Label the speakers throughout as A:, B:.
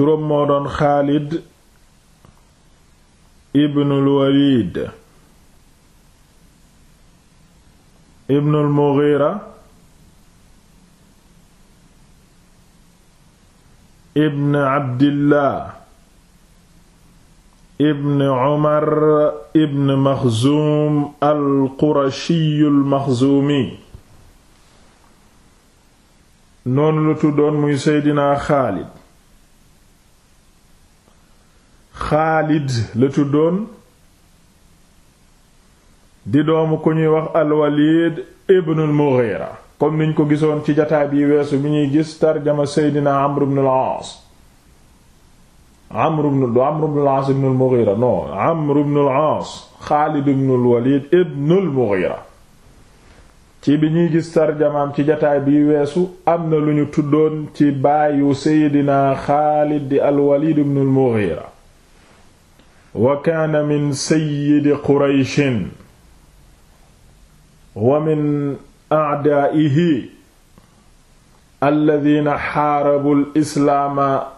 A: turam moo doon Xaalid ibnul Walid ibnul Mughira ibn Abdillah ibn Umar ibn Maxzuum al-Qurashi al-Maxzuumi noonu muy Seydina Xaalid xaalid la tuddoon di doomu ku ñuy wax alwalid ibnul mughira comme niñ ko gisoon ci jataay bi weesu bi ñuy gis tarjama seydina amr gis tarjamaam ci jataay bi weesu am na lu ñu tuddoon ci baayu seydina xaalid di ibnul mughira wa kaana min sayyidi qurayshin wa min a'daa'ihi alladiina xaarabu al-islaama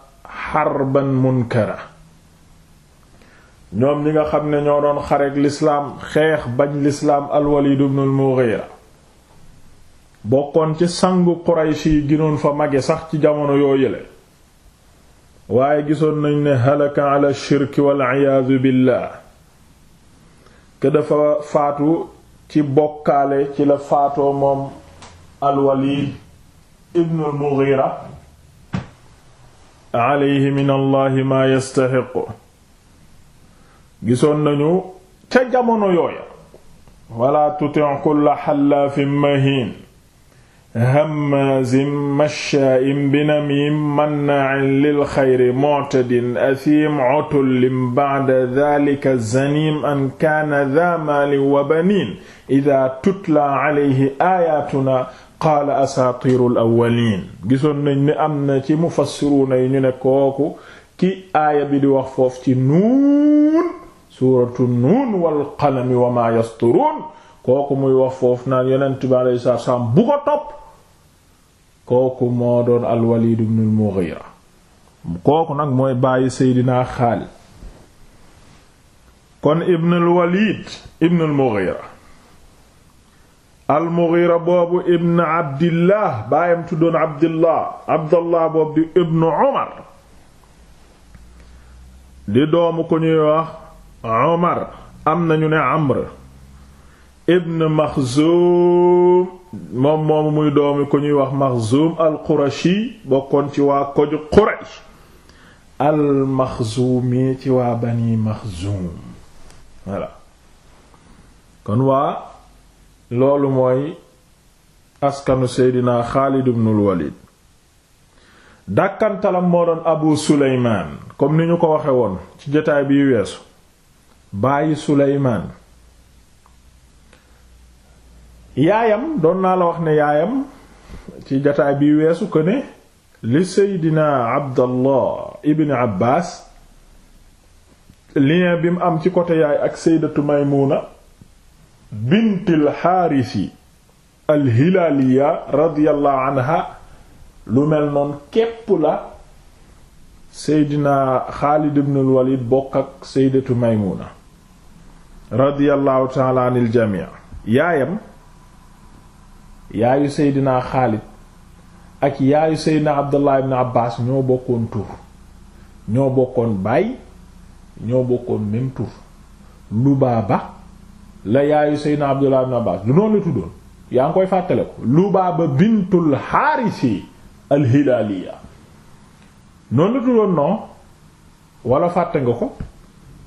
A: munkara ñoom ñi nga xam ne ñoo doon xareek lislaam xeex bañ lislaam al-Waliid ibn bokkoon ci sangu quraysh yi ginoon fa mage sax ci jamono yoo yële waaye gisoon nañ ne halaka ala shirki wal faatu ci bokkaale ci la faatoo moom alwalid ibnu almughira alayhi min allahi gisoon nañu ca jamono yooya wala tuti' kulla xallaafin mahin hammaazin mashshaa'in binamiim mannaa'in lil xayri mu'tadin asiim utullin ba'da dhaalika zaniim an kaana dhaa maalin wa baniin idhaa tutlaa alayhi aayaatunaa qaala asaatiirul awwaliin gisoon nañ ne am na ci mufassiruuna yi ñu ne kooku ki aaya bi di wax foofu ci nuun suuratu nuun wal qalami wa maa yasturuun kooku muy wax foofu naan yonent bi alayhi salaam bu ko topp kooku moo doon al-Walid ibn kooku nag mooy bàyyi Seydina Xaalid kon ibn al-Walid ibn boobu ibn Abdillah baayam tuddoon Abdillah Abdallah boobu di ibn di doomu ko ñuy wax am nañu ne Amr ibn maxzuum moom moomu muy doomi ku ñuy wax maxzuum al qurashi bokkoon ci waa koju quraysh al maxzuumi ci waa bani maxzuum voilà kon waa loolu mooy askanu seydina xaalid ibnul walid dàkkantalam moo doon abu suleymaan comme ni ñu ko waxe woon ci jotaay bi weesu bàyyi suleymaan yaayam doon naa la wax ne yaayam ci jataay bi weesu ko ne li seydina abdallah ibn abbas lien bi mu am ci côté yaay ak seydatu maymuna bintil xaarisi alhilaaliya radiyallahu anha lu mel noon képp la seydina xaalid ibnul walid bokk ak seydatu maymuna radiyallahu taala anil jamii yaayam yaayu seydina Xaalid ak yaayu seydina Abdullah ibn Abbas ñoo bokkoon tur ñoo bokkoon baay ñoo bokkoon même tur Lubaaba la yaayu seydina Abdullah ibn Abbas lu noonu la tuddoon yaa ngi koy fàttale ko Lubaaba bintul Xaarisi al-Hilaaliya noonu tuddoon non wala fàtte nga ko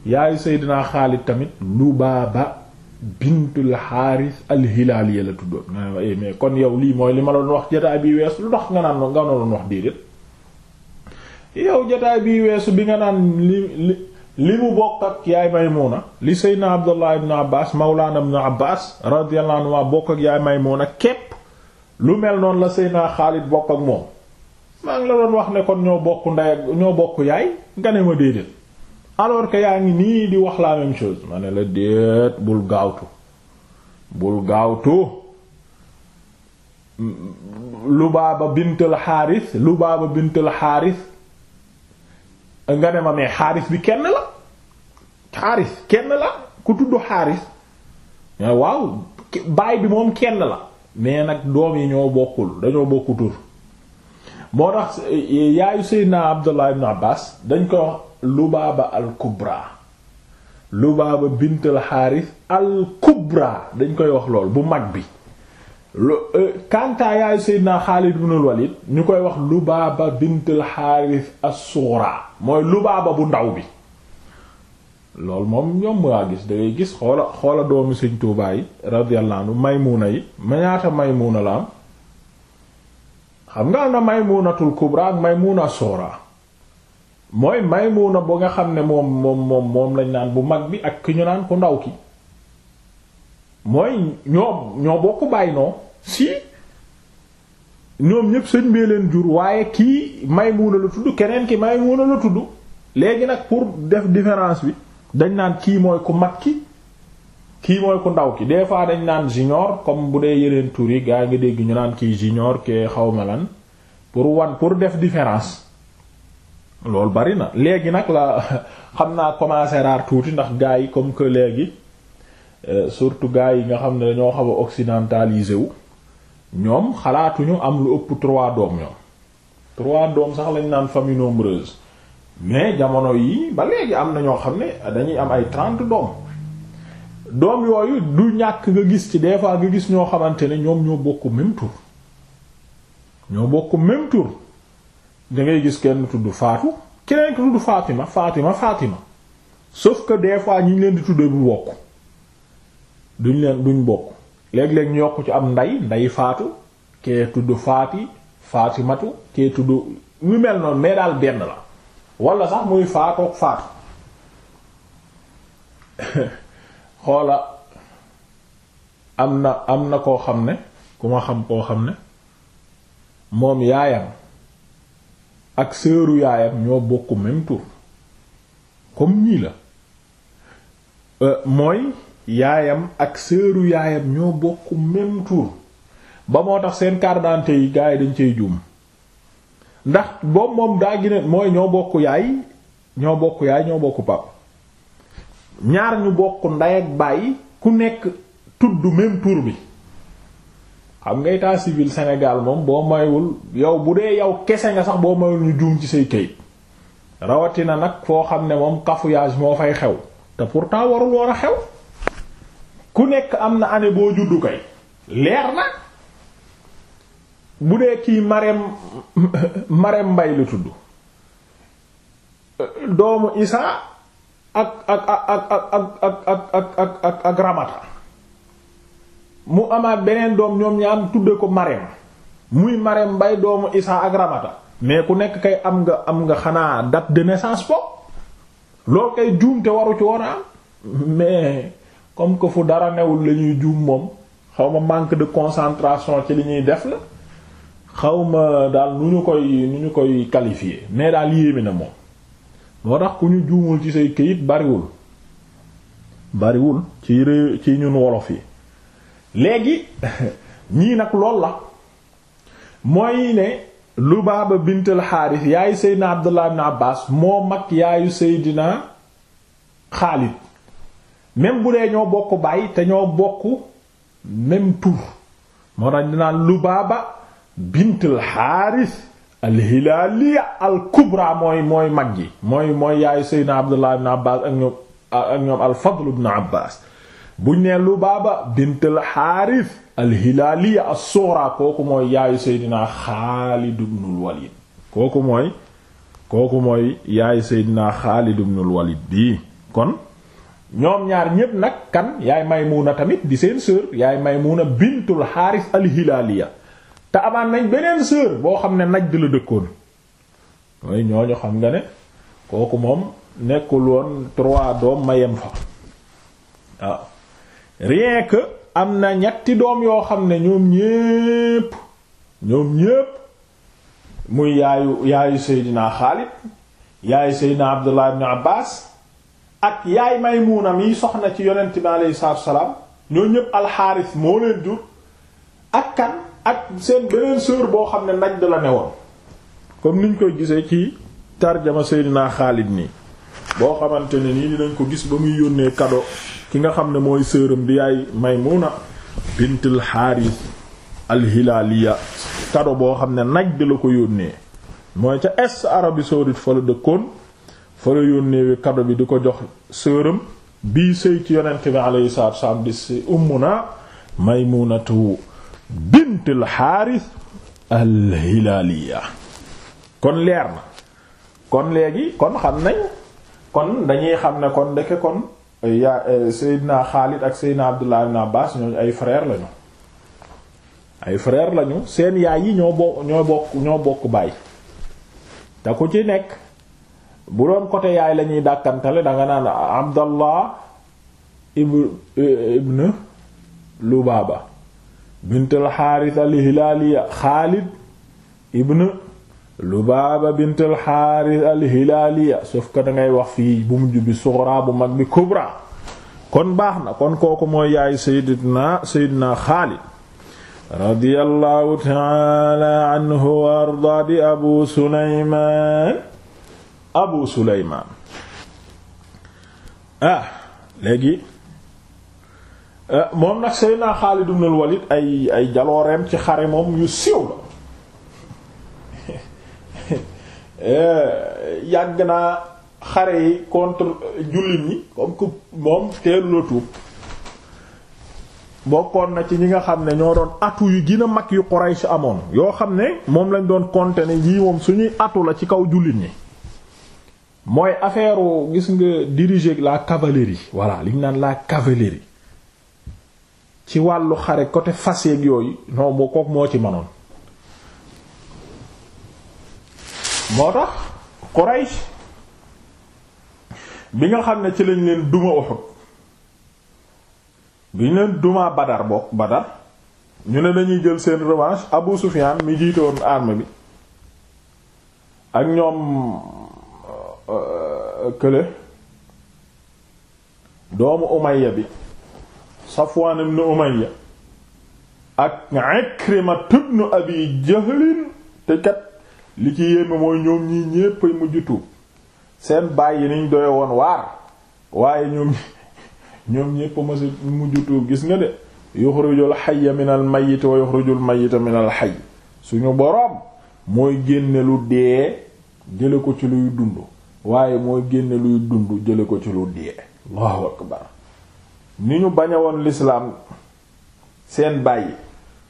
A: yaayu seydina Xaalid tamit lu Lubaaba bintul xaaris alhilaaliya la tuddoon nga eh, kon yow lii mooy li ma doon wax jotaay bi weesu lu tax nga naan nga doon wax déedéet yow jotaay bi weesu bi nga naan li li li mu bokk ak yaay Maymuna li Seydina Abdullah ibn Abbas Mawlana ibn Abbas radiyallahu bokk ak yaay Maymuna képp lu mel noonu la Seydina Xaalid bokk ak moom maa ngi la doon wax ne kon ñoo bokk ndey ak ñoo bokk yaay nga ne ma déedéet. alors que yaa ngi nii di wax laa même chose ma ne la déet bul gaawtu bul gaawtu Lubaaba bintal Xaaris Lubaaba bintal Xaaris nga ne ma mais Xaaris bi kenn la Xaaris kenn la ku tudd Xaaris waaw baay bi moom kenn la mais nag doom yi ñoo bokkul dañoo bokku tur moo tax yaayu Seydina Abdullah ibn Abbas dañ ko Lubaaba al-Kubra lu bint al-Xaaris al-Kubra dañ koy wax lool bu mag bi lu euh, kantaa yaayu Seydina Xaalid ibn al ñu koy wax lu bint al-Xaaris as-Sughra mooy Lubaaba bu ndaw bi loolu moom yomb waa gis dangay gis xoola xoola doomi Sëriñ Tuubaa yi radiyallahu anhu Maymuna yi mañaata Maymuna la am xam nga am na Maymunatul Kubra ak Maymuna as-Sughra mooy may Maymuna ba nga xam ne moom moom moom moom lañ naan bu mag bi ak ki ñu naan ku ndaw ki mooy ñoo ñoo bokk bàyyi noo si ñoom ñépp sëñ bee leen jur waaye kii Maymuna la tudd keneen ki Maymuna la tudd léegi nag pour def différence bi dañ naan kii mooy ku mag ki kii mooy ku ndaw ki des fois dañ naan junior comme bu dee yeneen tur gaa ngi dégg ñu naan kii junior ke xaw ma lan pour wan pour def différence loolu bari na léegi nag la xam naa commencé raar tuuti ndax gars yi comme que léegi euh, surtout gars yi nga xam ne dañoo xaw a occidentalisé wu ñoom xalaatuñu am lu ëpp trois doom ñoom trois doom sax lañu naan famille nombreuse mais jamono yi ba léegi am na ñoo xam ne dañuy am ay trente doom doom yooyu du ñàkk nga gis ci des fois nga gis ñoo xamante ne ñoom ñoo bokk même tour ñoo bokk même tour dangay gis kenn tudd faatu keneen ki tudd Fatima Fatima Fatima sauf que des fois ñi ñu leen di tudd bu bokk duñ leen duñ bokk léeg-léeg ñu yokk ci am nday nday faatu kee tudd faati Fatimatu kee tudd ñu mel noonu mais daal benn la wala sax muy faatoog faatu xoola am na am na koo xam ne ku ma xam koo xam ne moom yaayam ak seeru yaayam ñoo bokk même tur comme ñii la euh, mooy yaayam ak seeru yaayam ñoo bokk même tur ba moo tax seen carte d'identité yi gars yi dañ cey juum ndax boobu moom daa gine mooy ñoo bokk yaay ñoo bokk yaay ñoo bokk pap ñaar ñu bokk nday ak bàyyi ku nekk tudd même tur bi xam nga état sibil senegal moom boo mayul yow bu dee yow kese nga sax boo mayul ñu juum ci say kayit rawatina nag foo xam ne moom cafouillage moo fay xew te pourtant warul war a xew ku nekk am na année boo juddu kay leer na bu dee kii Marème Marème mbay lu tudd doomu Isa ak ak ak ak ak ak ak ak ak ak ak Ramata mu amaat beneen doom ñoom ña tudd ko Marème muy Marème bay doomu Isaa ak Ramata mais ku nekk kay am nga am nga xanaa date de naissance po loolu kay juum te waru ci woon am mais comme que fu dara newul la ñuy juum moom xaw ma manque de concentration ci li ñuy def la xaw daal nu ñu koy nu ñu koy qualifier mais daal yéeme na moom moo tax ku ñu juumul ci say këyit bariwul bariwul ci ci ñun wolof yi léegi ñii nag lool la mooy ne Lubaaba bint al-Xaaris yaayu Seydina Abdullah ibn Abbas moo mag yaayu Seydina Xaalid même bu dee ñoo bokk baay te ñoo bokk même tur moo tax ñu naan Lubaaba bint al-Xaaris al mooy mooy mag ji mooy mooy yaayu Seydina Abdullah ibn Abbas ak ñoom ak ñoom al-Fadl ibn buñ nee Lubaaba bintul Xaaris al-Hilaaliya as-Sughra kooku mooy yaayu Seydina Xaalid ibnul Walid kooku mooy kooku mooy yaayu Seydina Xaalid ibnul Walid bii kon ñoom ñaar ñépp nag kan yaay Maymuuna tamit di seen sœur yaay Maymuuna bintul Xaaris al-Hilaaliya nañ beneen sœur boo xam ne Najd la dëkkoon mooy ñooñu xam nga ne kooku moom nekkul woon trois doom mayem fa rien que am na ñetti doom yoo xam ne ñoom ñépp ñoom ñépp muy yaayu yaayu Seydina Xaalid yaayu Seydina Abdullah ibn Abbas ak yaay Maymuna mi soxna ci yonent bi aleyhi salaatu salaam ñoo ñépp alxaaris moo leen jur ak kan ak seen beneen sœur boo xam ne Najd la ne woon comme niñ koy gisee ci tarjama Seydina Xaalid nii boo xamante ne nii dinañ ko gis ba muy yónnee kado ki nga xam ne mooy sëram bi yaay Maymuna bintul Xaaris alhilaaliya kado boo xam ne nag di la ko yónnee mooy ca est Arabie saoudite fa la dëkkoon fa la yónnee kado bi di ko jox sëram bi sëy ci yonent bi alayhi salaatu wassalaam di si ummuna Maymunatu bintul Xaaris alhilaaliya kon leer na kon léegi kon xam nañ kon dañuy xam ne kon ndeke kon yaa eh, Seydina Xaalid ak na Abdullah ibn Abbas ñooñu ay frère lañu ay frère lañu seen yaay yi ñoo bokk ñoo bokk ñoo bokk baay te ku ci nekk bu doon côté yaay lañuy dàkkantale danga naan Abdallah ibn eh, Lubaaba bint al Xaaris al Hilaaliya Xaalid ibn Lubaaba bint al-Haaris al-Hilaaliya sauf wax fii bu mujj bi sughra bu mag bi kubra kon baax na kon kooku mooy yaay Seydina Seydina Xaalid radiyallahu ta'ala anhu wa ardaa Abu Sulaymaan Abu Sulaymaan ah léegi ah, moom nag Seydina Xaalid ibn al-Walid ay jalooreem ci xare moom yu siiw la Eh, yàgg naa xare yi contre jullit ñi comme que moom teelu la tuub bokkoon na ci ñi nga xam ne ñoo doon atu yu gën a mag yu Quraysh amoon yoo xam ne moom lañ doon compter ne yii moom suñuy atu la ci kaw jullit ñi mooy affaire gis nga diriger la cavalerie voilà liñ naan la cavalerie ci wàllu xare côté fas yeeg yooyu non kook moo ci manoon moo tax Quraysh bi nga xam ne ci lañ leen duma Uhud bi ñu leen duma Badar bokk Badar ñu ne dañuy jël seen revanche Abu Sufyan mi jiite woon arme bi ak ñoom euh, kële doomu Umayya bi Safwan ibn Umayya ak Ikrima ibn Abi Jahl te kat li ci yéeme mooy ñoom ñii ñépp mujj tuub seen baay yi niñ doye woon waar waaye ñoom ñoom ñépp ma si mujj tuub gis nga de yuxrujul xayya minal mayyit wa yuxrujul mayyita minal xay suñu boroom mooy génne lu dee jële ko ci luy dund waaye mooy génne luy dund jële ko ci lu dee allahu akbar ni ñu bañe woon lislaam seen baay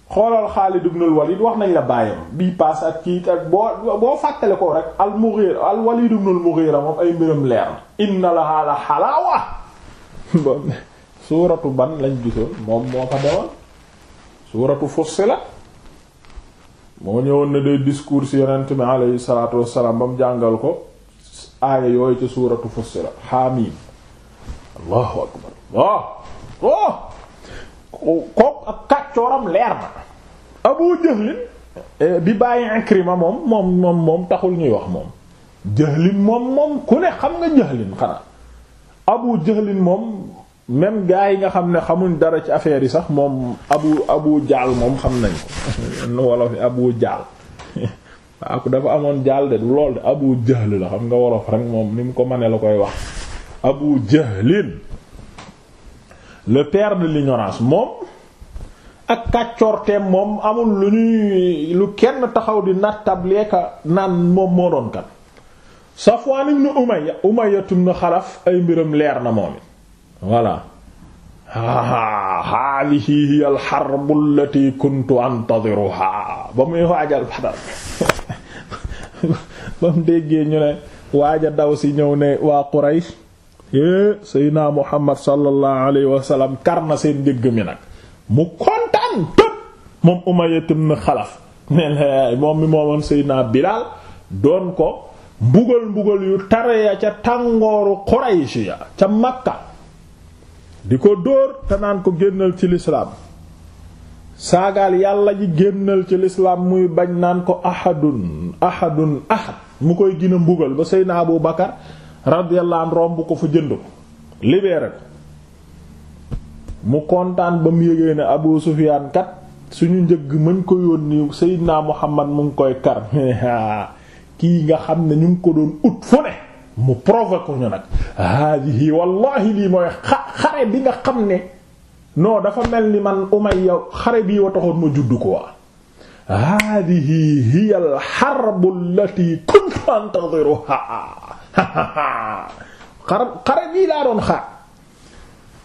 A: xoolal Xaalid ibn al wax nañ la bàyyam bii paas ak kii ak boo boo fàttale ko rek al-Mughira al-Walid moom ay mbiram leer inna laha la halaawa suuratu ban lañ gisoon moom moo fa dewoon suuratu Fussilat moo ñëwoon na day discours yonent bi alayhi salaatu wassalaam ba mu jàngal ko yooyu ci suuratu Fussilat haamiim allahu akbar kook ak kàccooram leer na Abu Jahlin eh, bi bàyyi Ikrima moom moom moom moom taxul ñuy wax moom Jahlin moom moom ku ne xam nga Jahlin xanaa Abu Jahlin moom même gars yi nga xam ne xamuñ dara ci affaire yi sax moom abu abu jaal moom xam nañ ko nu wolof yi abu jaal waaw dafa amoon jaal de du lool de abu jahl la xam nga wolof rek moom ni mu ko mënee la koy wax abu jahlin le père de l'ignorance moom ak kàccoorteem moom amul lu ñuy lu kenn taxaw di nattableeka naan moom moo doon kan Safwan ibn Umayya Umayyatum na xalaf ay mbiram leer na moom it voilà haadihi hiya al harbu ba muy waajal Badar ba mu déggee ñu ne waaja daw si ñëw ne waa Quraysh é Muhammad sallallahu alayhi wa kar na seen njëgg mi nag mu kontaan tëb moom Umayya ibn Xalaf ne moom mi moomoon Seydina Bilaal doon ko mbugal mbugal yu tare ya ca tàngooru Quraysh ya ca Makka di ko dóor te naan ko génnal ci lislaam saagaal yàlla ji génnal ci lislaam muy bañ naan ko ahadun ahadun ahad mu koy gën mbugal ba Seydina Abu Bakar radiyallahu anhu romb ko fa jënd ko libéré ko mu kontaan ba mu yëgee ne Abu Sufyaan kat suñu njëgg mañ ko yónni Seydina Muhammad mu ngi koy kar kii nga xam ne ñu ngi ko doon ut fu ne mu provoqué ñu nag haadihi wallahi lii mooy xare bi nga xam ne noo dafa mel ni man Umayya xare bii wa ma juddu ko waa haadihi hiya al harbu allati kuntu xar xare bii laa doon xaar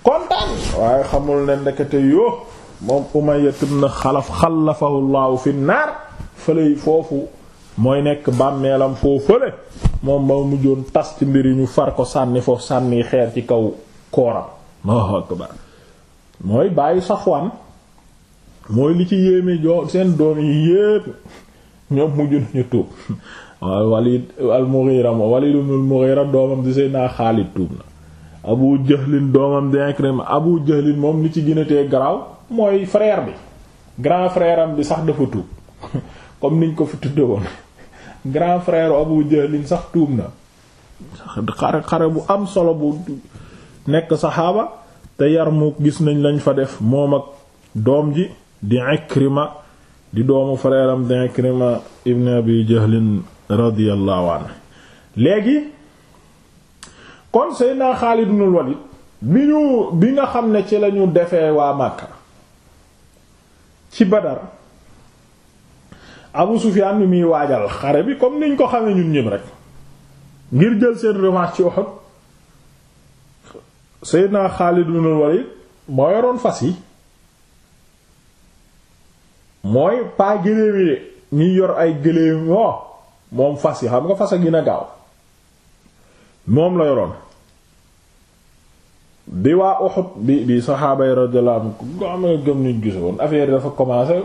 A: kontaan waaye xamul ne ndekete yoo moom Umayya ibn Xalaf xalafahu fi naar fële foofu mooy nekk bàmmeelam foofu fële moom ma mujjoon tas ci mbir yi ñu far ko sànni foofu sànni xeer ci kaw kooram mooy bàyyi Safwaan mooy li ci yéeme joo seen doom yi yépp ñoom mujj nañu tuub Walid al-Mughira Walid ibn al-Mughira doomam di Seydina Xaalid tuub na Abu Jahlin doomam di Ikrima Abu Jahlin moom li ci gën a tee mooy frère bi grand frère bi sax dafa tuub comme niñ ko fi tudde woon grand frère Abu Jahlin sax tuub na xare bu am solo bu nekk saxaaba te Yarmuk gis nañ lañ fa def moom ak doom ji di Ikrima di doomu frère am di Ikrima ibn Abi Jahlin radiyallahu anhu léegi kon Seydina naa ibnul Walid bi ñu bi nga xam ne ci lañu defee waa Makka ci Badar Abu Sufyaan mi muy waajal xare bi comme niñ ko xamee ñun ñëpp rek ngir jël seen revanche ci Uhud Seydina Xaalid ibnul Walid moo yoroon fas yi mooy paa gëléem yi ñuy yor ay gëléem wo moom fas yi xam nga fas a gën a gaaw moom la yoroon bi waa Uhud bi bi saxaaba yi radiyallahu nga xam ne gëm gisoon affaire yi dafa commencé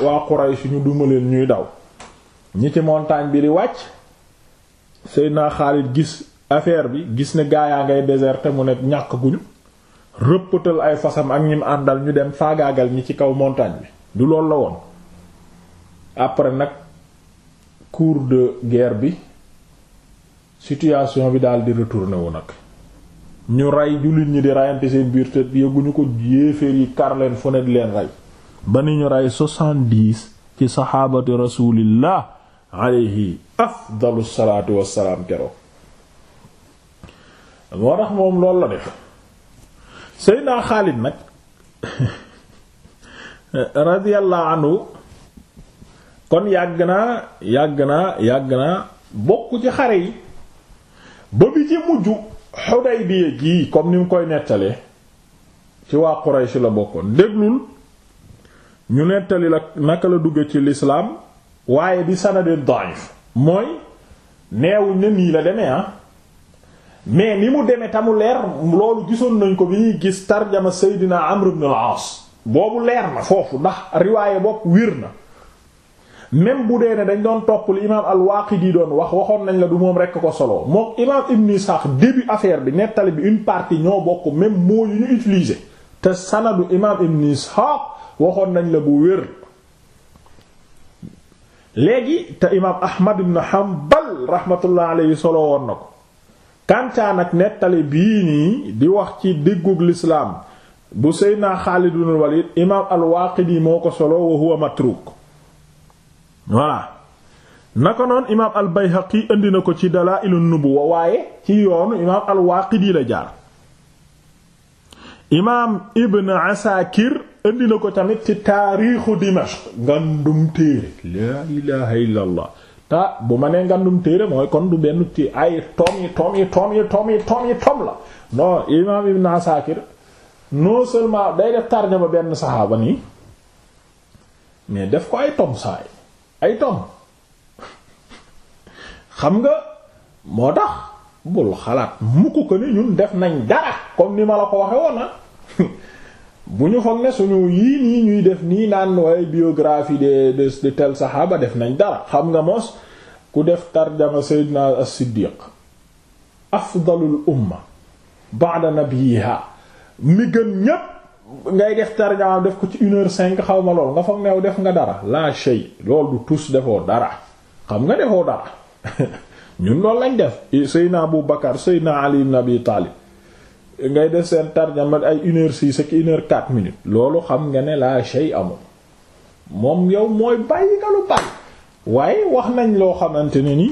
A: waa Quraysh ñu duma leen ñuy daw ñi ci montagne bi di wàcc Seydina Xaalid gis affaire bi gis ne gaa yaa ngay déserté mu ne ñàkk guñu rëppatal ay fasam ak ñim àndal ñu dem faagaagal ñi ci kaw montagne bi du loolu la woon après nag cours de guerre bi situation bi daal di retourné nag ñu rey jullit ñi di reyante seen biir te yëguñu ko yéeféer yi kar leen leen rey ba ni ñu rey soixante-dix ci saxaabati rasulillah alayhi wassalaam keroog moo tax moom loolu la def Seydina Xaalid nag radiyallahu anhu kon yàgg naa yàgg naa yàgg naa bokk ci xare yi ba bi ci mujj Xudaybiya gii comme ni mu koy nettalee ci waa Quraysh la bokkoon déglul ñu nettali la naka la dugg ci lislaam waaye bi sanade da'if mooy neewuñ ne nii la demee ah mais ni mu demee tamu leer loolu gisoon nañ ko bi ñuy gis tarjama Seydina Amr ibn al boobu leer na foofu ndax riwaaye bokk wir na même bu dee ne dañ doon topp li imaam al-Waaqidi doon wax waxoon nañ la du moom rekk ko solo moom imaam Ibn Ishaq début affaire bi nettali bi une partie ñoo bokk même moo yu ñu utilisé te sanadu imaam Ibn Ishaq waxoon nañ la bu wér. léegi te imaam Ahmad ibn Hanbal rahmatullah alayhi solo woon na ko kantaan nag nettali bii nii di wax ci diggug lislaam bu Seydina Xaalid ibn Walid imaam al-Waaqidi moo ko solo wa huwa matruk voilà naka noonu imaam al bayhaqi indi na ko ci dalaa'ilun nubuwa waaye ci yoonu imaam al waaqidi la jaar imaam ibn asakir indi na ko tamit ci taariixu dimashq ngandum téere laa ilaha illa allah bu ma nee ngandum téere mooy kon du benn ci ay tom yi tom yi tom yi tom yi tom la non imaam ibn asakir non day def tarjama benn saxaaba nii mais def ko ay tom saay ay tom xam nga moo tax bul xalaat mukk ko ni ñun def nañ dara comme ni ma la ko waxe woon ah. bu ñu foog ne suñu yii nii ñuy def nii naan waaye biographie de de tel saxaaba def nañ dara xam nga mos ku def tarjama Seydina na siddiq afdalul umma ba'da nabiyiha mi gën ñépp ngay def tarjama def ko ci une heure xaw ma lool nga foog new def nga dara la shay lool du tus defoo dara xam nga defoo dara ñun loolu lañ def Seydina Abu Bakar Seydina Ali ibn Abi Talib ngay def seen tarjama ay une heure six ak une heure quatre minutes loolu xam nga ne la shay amul moom yow mooy bàyyi nga lu bàyyi waaye wax nañ loo xamante ne ni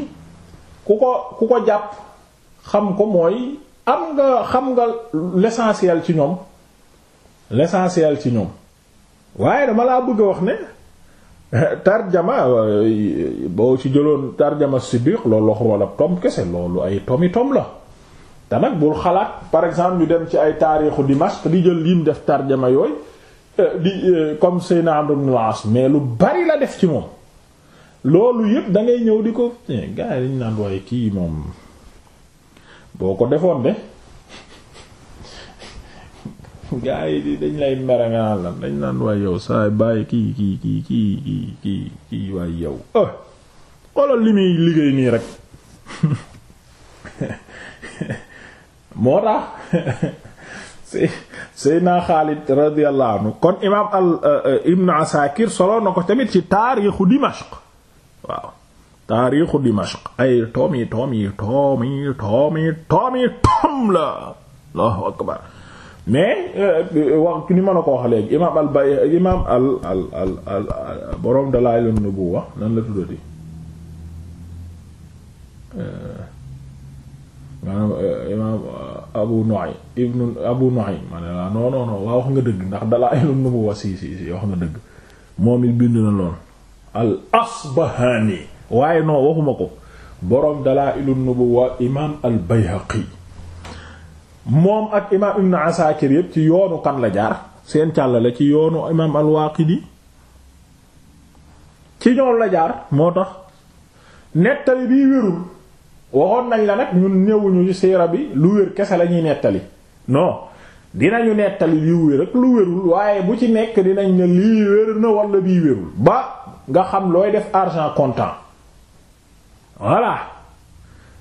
A: ku ko ku ko jàpp xam ko mooy am nga xam nga l'essentiel ci ñoom l'essentiel ci ñoom waaye dama laa bëgg a wax ne tarjama boo ci jëloon tarjama siddiq loolu wax wala tom kese loolu ay tomi tom la te nag bul xalaat par exemple ñu dem ci ay taarixu Dimashq di jël mu def tarjama yooyu di comme Seydina Amr ibn mais lu bari la def ci moom loolu yëpp da ngay ñëw di ko eh, gars yi dañu naan waaye kii moom boo ko defoon de gaa yi di dañ lay mere nga naan lan dañ naan waay yow saay bàyyi kii kii kii kii kii kii kii waay yow ah xoolal li muy liggéey nii rek moo tax say Seydina Xaalid radiyallahu anhu kon imaam al Ibn Asakir solo na ko tamit ci taarixu Dimashq waaw taarixu Dimashq ay toom yi toom yi toom yi toom yi toom yi toom la Allahu akbar mais euh, wax ni ma la ko wax léegi imaam al bay imaam al al al al borom Dalaa'ilun Nubuwwa nan la tuddati euh, euh, imaam Abu Nu'aym ibnu Abu Nu'aym ma ne la waa wax nga dëgg ndax Dalaa'ilun Nubuwwa si si si wax nga dëgg moom it bind na lool al Asbahaani waaye non waxuma ko borom Dalaa'ilun Nubuwwa imaam al Bayhaqi moom ak imaam ibn Asakir yëpp ci yoonu kan la jaar seen la ci yoonu imaam al-Waaqidi ci ñoom la jaar moo tax nettali bii wérul waxoon nañ la nag ñun néewuñu ci siira bi lu wér kese la ñuy nettali non dinañu nettali li wér lu wérul waaye bu ci nekk dinañ ne lii wér na wala bii wérul ba nga xam looy def argent comptant voilà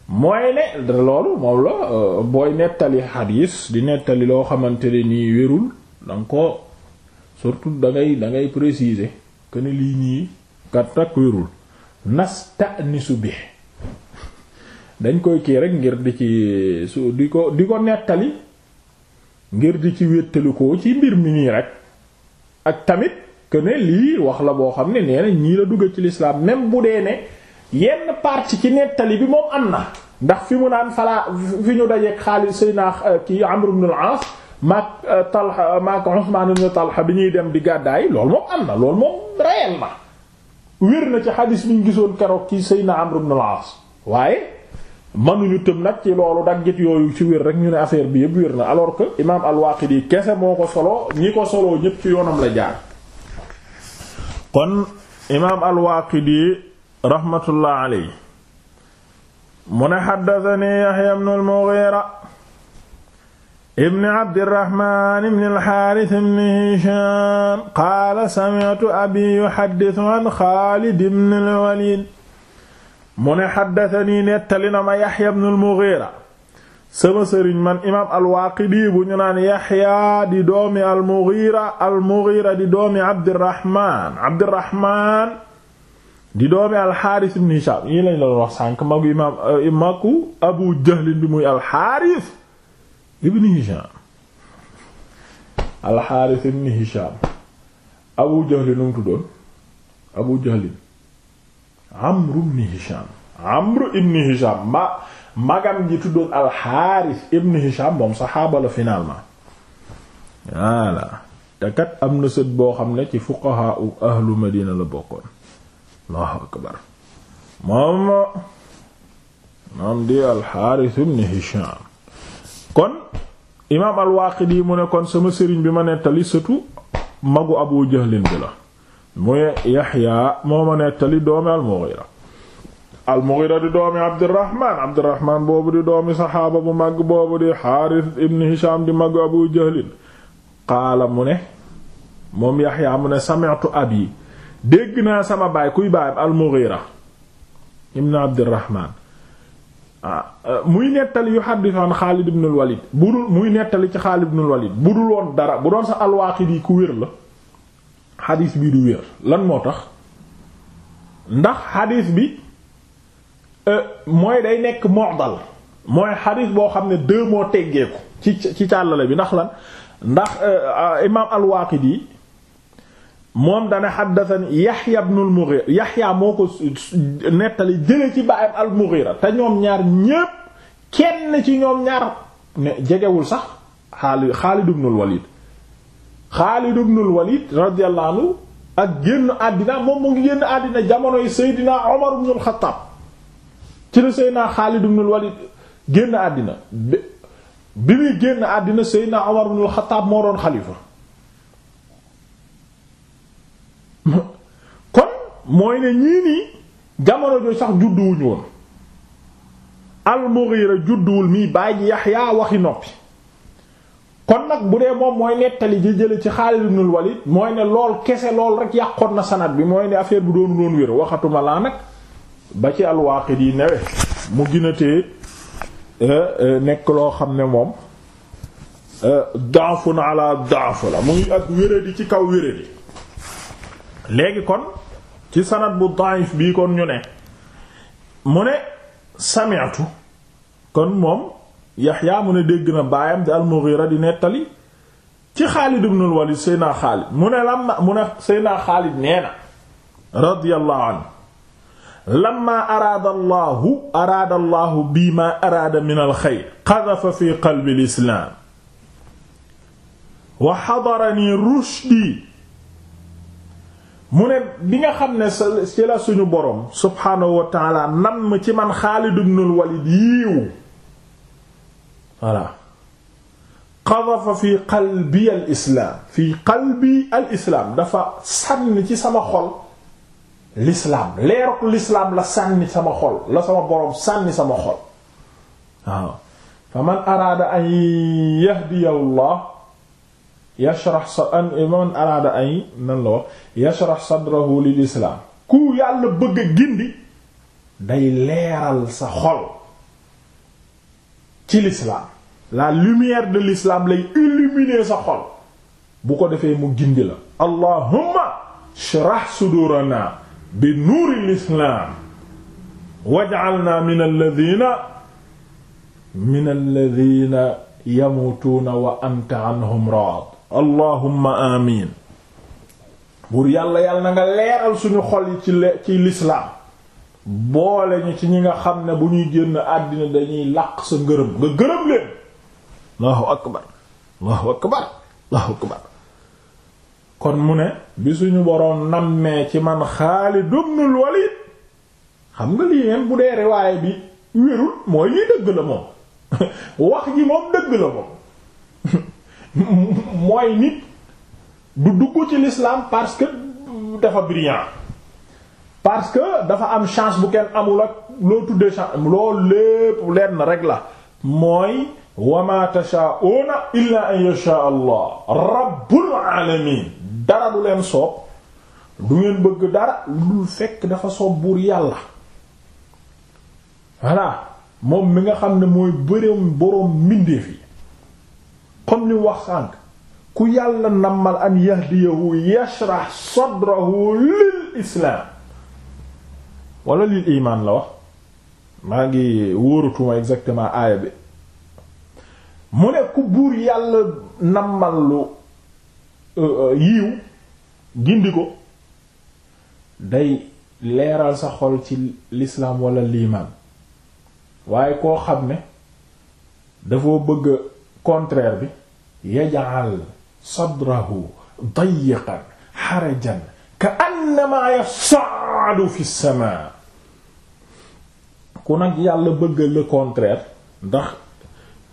A: mooy ne loolu moom la euh, booy nettali xadiis di nettali loo xamante ne nii wérul da ko surtout dangay dangay da ngay que ne lii nii kat tak wérul nastanisu bi dañ koy kii rek ngir di ci su di ko di ko nettali ngir di ci wéttalikoo ci mbir mi nii rek ak tamit que ne lii wax la boo xam ne nee ñii la dugg ci l'islam même bu dee ne yenn partie ci nettali bi moom am na ndax fi mu naan falaa fi ñu dajeeg Xaalid sayna euh, ki Amr ibn al-As maak euh, Talha maak Usman ibn bi ñuy dem di gàddaay loolu moom am na loolu moom réellement wér na ci xadis bi ñu gisoon keroog ci sayna Amr ibn al-As waaye mënuñu tëm nag ci loolu daggit yooyu ci wér rek ñu ne affaire bi yëpp wér na alors que imaam al-Waqidi kese moo ko solo ñi ko soloo ñëpp ci yoonam la jaar kon imaam al-Waqidi raxmatullah aley mu ne xaddatani yaxya bnu almughira ibni abdirahman ibni alxaaris ibni hisham qaala sami'tu abi yuxaddisu an xaalid ibn alwalid mu ne xaddatani nettali na ma yaxya bnu almughira sama sëriñ man imaam alwaaqidi bu ñu naan yaxya di doomi almughira almughira di doomi abdirahman abdirahman di doomi alxaaris ibn Hishaam yii lañ la doon wax sànq magu imaam eh, maku Abu Jahl bi muy alxaaris ibn Hishaam alxaaris ibn Hishaam Abu Jahl nu mu tuddoon Abu Jahl Amr ibn Hishaam Amr ma magam ji tuddoon alxaaris ibn Hishaam moom saxaaba la finalement voilà te kat am na sët boo xam ne ci fuqahaa ahlu Madina la bokkoon allahu akbar moom moom di alxaaris ibn hisham kon imaam alwaaqidi mu ne kon sama sëriñ bi ma nettali sëtu magu abu jahlin bi la muy yaxya moo ma nettali doomi almughira almughira di doomi abdirahman abdirahman boobu di doomi saxaaba bu mag boobu di xaaris ibn hisham di magu abu jahlin qaala mu ne moom yaxya mu ne sami'tu abi dégg naa sama baay kuy baayam al-Mughira ibn Abdurrahman ah, euh, muy nettali yu haddithu an Xaalid ibn walid bu dul muy nettali ci Xaalid ibn al-Walid bu dul woon dara bu doon sa al-Waaqidi ku wér la xadiis bi du wér lan moo tax ndax xadiis bi euh, mooy day nekk mu'dal mooy xadiis boo xam ne deux moo teggeeku ci ci càllale bi ndax lan ndax euh, imaam al-Waaqidi moom dana xaddasani yaxya ibnul mughira yaxya moo ko nettali jële ci baayam al mughira te ñoom ñaar ñépp kenn ci ñoom ñaar ne jegewul sax xaali xaalid ibnul walid xaalid ibnul walid radiyallahu anhu ak génn àddina moom mu ngi génn àddina yi seydina omar ibnul xattaab ci la seydina xaalid ibnul walid génn àddina bi muy génn àddina seydina omar ibnul xattaab moo doon xalifa kon mooy ne ñii nii jamono jooju sax judduwuñu woon al judduwul mii bàyyi ji Yaxya waxi noppi kon nag bu dee moom mooy nettali ji jële ci Xaalid ibnul Walid mooy ne lool kese lool rek yàqoon na sanad bi mooy ne affaire bi doonu doon wér waxatuma laa nag ba ci al-Waaqidi newe mu ginatee eh, eh, nekk loo xam ne moom eh, daafun ala daaf la muy ak wéradi ci kaw wéradi léegi kon ci sanad bu da'if bi kon ñu ne mu ne sami'tu kon moom Yaxya mu ne dégg na baayam di al nettali ci Xaalid ibn al-Walid Seydina Xaalid mu ne lamma mu ne Seydina Xaalid nee na radiyallahu anhu lamma araada Allahu bi ma araada min al-xayr fi qalbi al-islaam rushdi mu ne bi nga xam ne ci la suñu borom subhaanahu wa taala nam ci man Xaalid ibnul Walid yiiw voilà qadafa fi qalbi al islaam fi qalbi al dafa sànni ci sama xol l'islaam leerok l'islaam la sànni sama xol la sama borom sànni sama xol waaw fa man araada an yahdiya Allah yashrax sa an man araada ay nan la wax yashrax sadrahu lil islaam ku yàlla bëgg a gindi day leeral sa xol ci l'islam la lumière de l'islam lay illuminer sa xol bu ko defee mu gindi la allahumma shrah sudurana bi nuuril islaam waj'alna min alladhina min alladhina yamutuuna wa anta anhum raad allahumma amin buur yàlla yàlla na nga leeral suñu xol yi ci le ci lislaam boole ñu ci ñi nga xam ne bu ñuy génn àddina dañuy làq sa ngërëm nga gërëm leen allahu akbar allahu akbar allahu akbar kon mu ne bi suñu boroom nammee ci man Xaalid ibnul Walid xam nga lii neen bu dee riwaaye bi wérul mooy lii dëgg la moom wax ji moom dëgg la moom mooy nit du dugg ci lislaam parce que dafa brillant parce que dafa am chance bu kenn amul ak loo tuddee chance loolu lépp lenn rek la mooy wamaata ma tashaa'una illa an yasha allah rabbul alamin dara du leen soob du ngeen bëgg dara lu fekk dafa soob buur yàlla voilà moom mi nga xam ne mooy bëreem boroom mbindeef yi comme li wax sànq ku yàlla nammal an yahdiyahu yashrah sadrahu lil islaam wala lil imaan la wax maa ngi wóoratuma exactement aaya bi mu ne ku buur yàlla nammal yiw euh, euh, yiiw gindi ko day leeral sa xol ci lislaam walla liimaan waaye koo xam ne dafa bëgg contraire bi yaj'al sadrahu dayiqan xarajan ka'annama yas'adu fi samaa ku nag yàlla bëgg la contraire ndax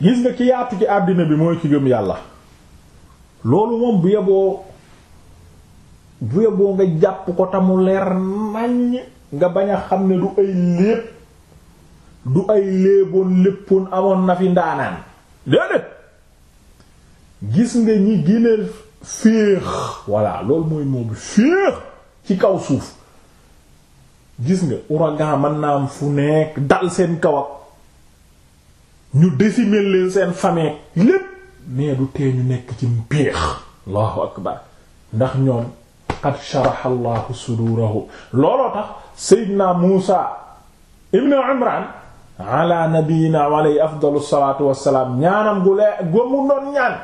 A: gis nga ki yaatu ci àddina bi mooy ci gëm yàlla loolu moom bu yeboo bu yeboo nga jàpp ko tamu leer naññ nga bañ a xam ne du ay léeb du ay léeboon léppoon amoon na fi ndaanaan déedéet gis nga ñi gën a féex loolu mooy moom féex ci kaw suuf gis nga ouragan mën naa am fu nekk dal seen kaw ak ñu décimer leen seen famille lépp mais du tee nekk ci mbéex allahu akbar ndax ñoom qad sharaha allahu sudurahu looloo tax seydina muusa ibnu imran ala nabiyina wa alayhi afdalu salatu wasalaam ñaanam gu lee gomu doon ñaan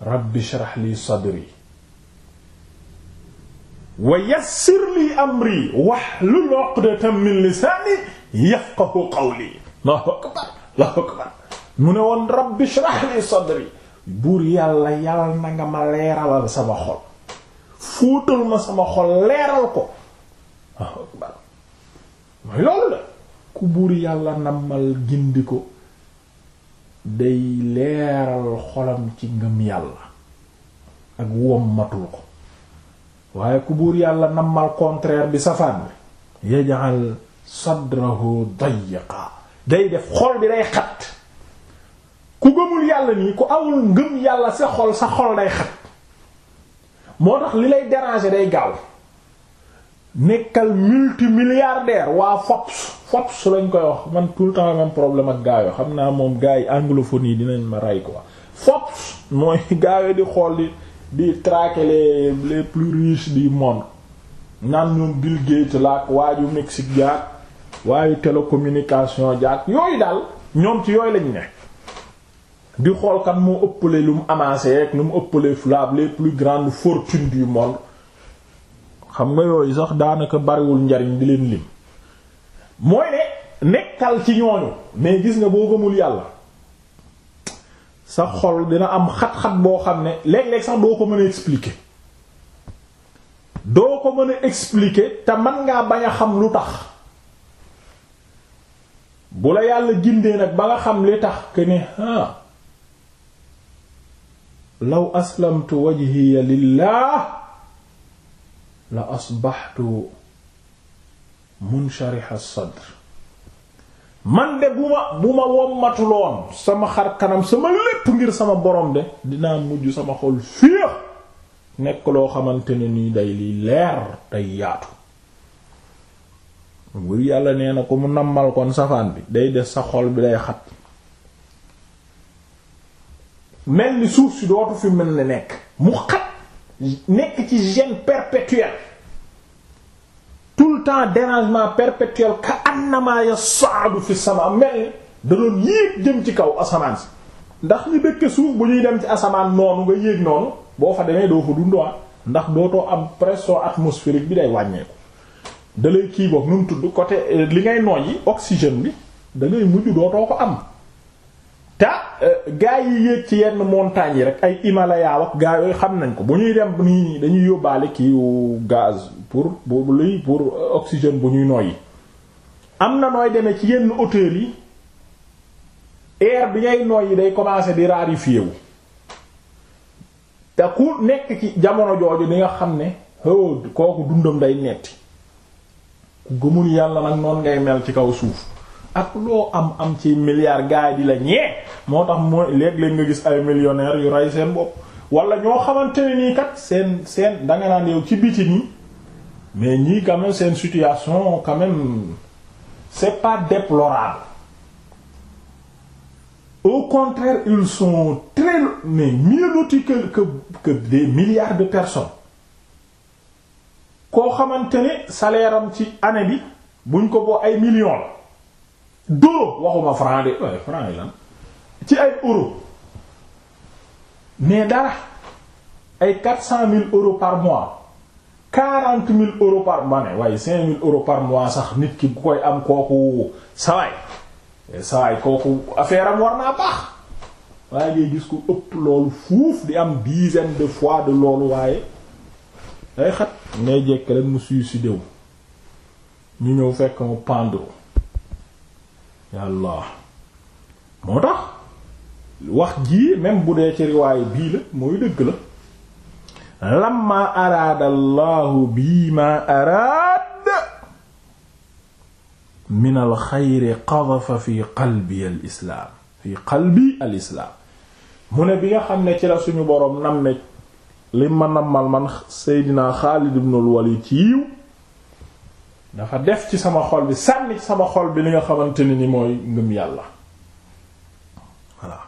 A: rabbi shrah li sadri wa yassir li amri wahlul uqdatan min lisaani yafqahu qawli Allahu akbar Allahu akbar mu ne woon rabbi shrah sadri buur yàlla yàlla na nga ma leeralal sama xol fóotal ma sama xol leeral ko Allahu akbar mooy loolu la ku buur yàlla nammal gindi ko day leeral xolam ci ngëm yàlla ak wommatul ko waaye ku buur yàlla nammal contraire bi safaan bi yaj'al sadrahu dayiqa day def xol bi day xat ku gëmul yàlla nii ku awul ngëm yàlla sa xol sa xol day xat moo tax li lay déranger day gaaw nekkal multimilliardaire waa Forbes Forbes lañ koy wax man tout le temps même problème ak gars yi xam naa moom gars yi anglophonie yi dinañ ma rey ko Forbes mooy gars yi di xool di di traquer les les plus riches du monde naan ñoom Bill Gates laak waaju Mexique jaak waayu télécommunication jaak yooyu daal ñoom ci yooyu lañ ne di xool kan moo ëppale lu mu amassé rek lu mu ëppale flaab les plus grandes fortunes du monde xam nga yooyu sax daanaka bariwul njariñ di leen lim mooy ne nekkal ci ñooñu mais gis nga boo gëmul yàlla sa xol dina am xat-xat boo xam ne léeg-léeg sax doo ko mën a expliquer doo ko mën a expliquer te man nga bañ a xam lu tax bu la yàlla gindee nag ba nga xam li tax que ne ah law aslamtu wajhiya lillah la asbaxtu munsharih as-sadr man de bu ma bu ma wommatuloon sama xar kanam sama lépp ngir sama borom de dinaa mujj sama xol féex nekk loo xamante ne nii day li leer day yaatu buur yàlla nee na ko mu nammal kon safaan bi day des sa xol bi day xat mel ni suuf si dootu fi mel na nekk mu xat nekk ci gêne perpétuelle tout le temps dérangement perpétuel ka annama yas'adu fi sama mel da doon yéeg jëm ci kaw asamaan si ndax ñu dëkk suuf bu ñuy dem ci asamaan noonu nga yéeg noonu boo fa demee doo fa dunduwaat ah, ndax too am pression atmosphérique bi day wàññeeku da lay kii boog nu mu tudd côté euh, li ngay nooy yi oxygène bi da ngay mujj too ko am te euh, gaa yi yéeg ci yenn montagnes yi rek ay Himalaya wax gaa xam nañ ko bu ñuy dem nii dañuy yóbbaale kiiwu gaz pour boobu luy pour euh, oxygène bu ñuy noyyi am na nooy deme ci yenn hauteur yi air bi ngay noyyi day commencer di raréfié wu te ku nekk ci jamono jooju di nga xam ne oh, kooku dundam day netti ku gëmul yàlla nag noon ngay mel ci kaw suuf ak loo am am ci milliard gaay di la ñee moo tax mooy léeg-léeg nga gis ay millionnaires yu rey seen bopp wala ñoo xamante ni kat seen seen danga naan yow ci biti nii mais ñii quand seen situation quand même c'est pas déplorable au contraire ils sont très mais mieux lotis que que que des milliards de personnes koo xamante ne salaire ci année bi buñ ko boo ay million la dóor waxuma franc de waaye franc yi lan ci ay euro mais dara ay quatre cent mille euros par mois quarante mille euros par mois sax nit ki ku koy am kooku sawaay sawaay kooku affaire war naa baax waaye ngay gis ko ëpp loolu fuuf di am dizaine de fois de loolu waaye day xat ngay jekk rek mu suicidé wu ñu ñëw fekk mu pendre yàlla moo tax wax jii même bu dee ci riwaay bii la mooy dëgg la lamma araada allahu bii ma araad min al xayri qadafa fi qalbi al islaam fi qalbi al islaam mu ne bi nga xam ne ci la suñu boroom namme li ma nammal man seydinaa xaalid ibnul walid ci yiw dafa def ci sama xol bi sànni sama xol bi li nga xamante ne ni mooy ngëm yàlla voilà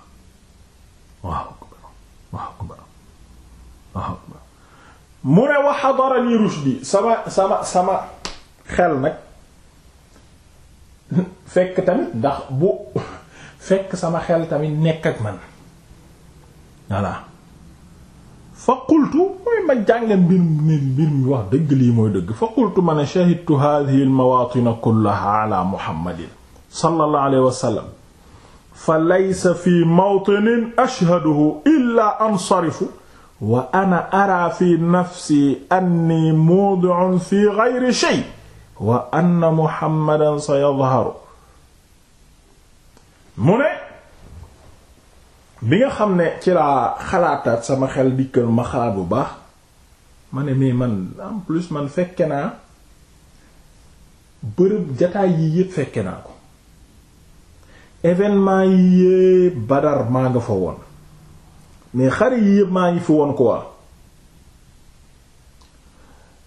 A: waaw waaw waaw mu ne wa hadarani rushdi sama sama sama xel nag fekk tamit ndax bu fekk sama xel tamit nekk ak man voilà fa qultu mooy ma jàngal mbir mi mbir mi wax dëgg lii mooy dëgg fa qultu ma ne shahidtu hadhihi al mawaatin kullaha ala muhammadin sallallahu alayhi wa sallam fa laysa fi mawtinin ashhaduhu illa ansarifu wa ana ara fi nafsi anni mudi'un fi ghayri shay wa anna muhammadan sayadhharu mu ne bi nga xam ne ci laa xalaataat sama xel dikkal ma xalaat bu baax ma ne mais man en plus man fekke naa bërëb jataay yi yépp fekke naa ko événement yi yépp Badar maa nga fa woon mais xare yi yépp maa ngi fi woon quoi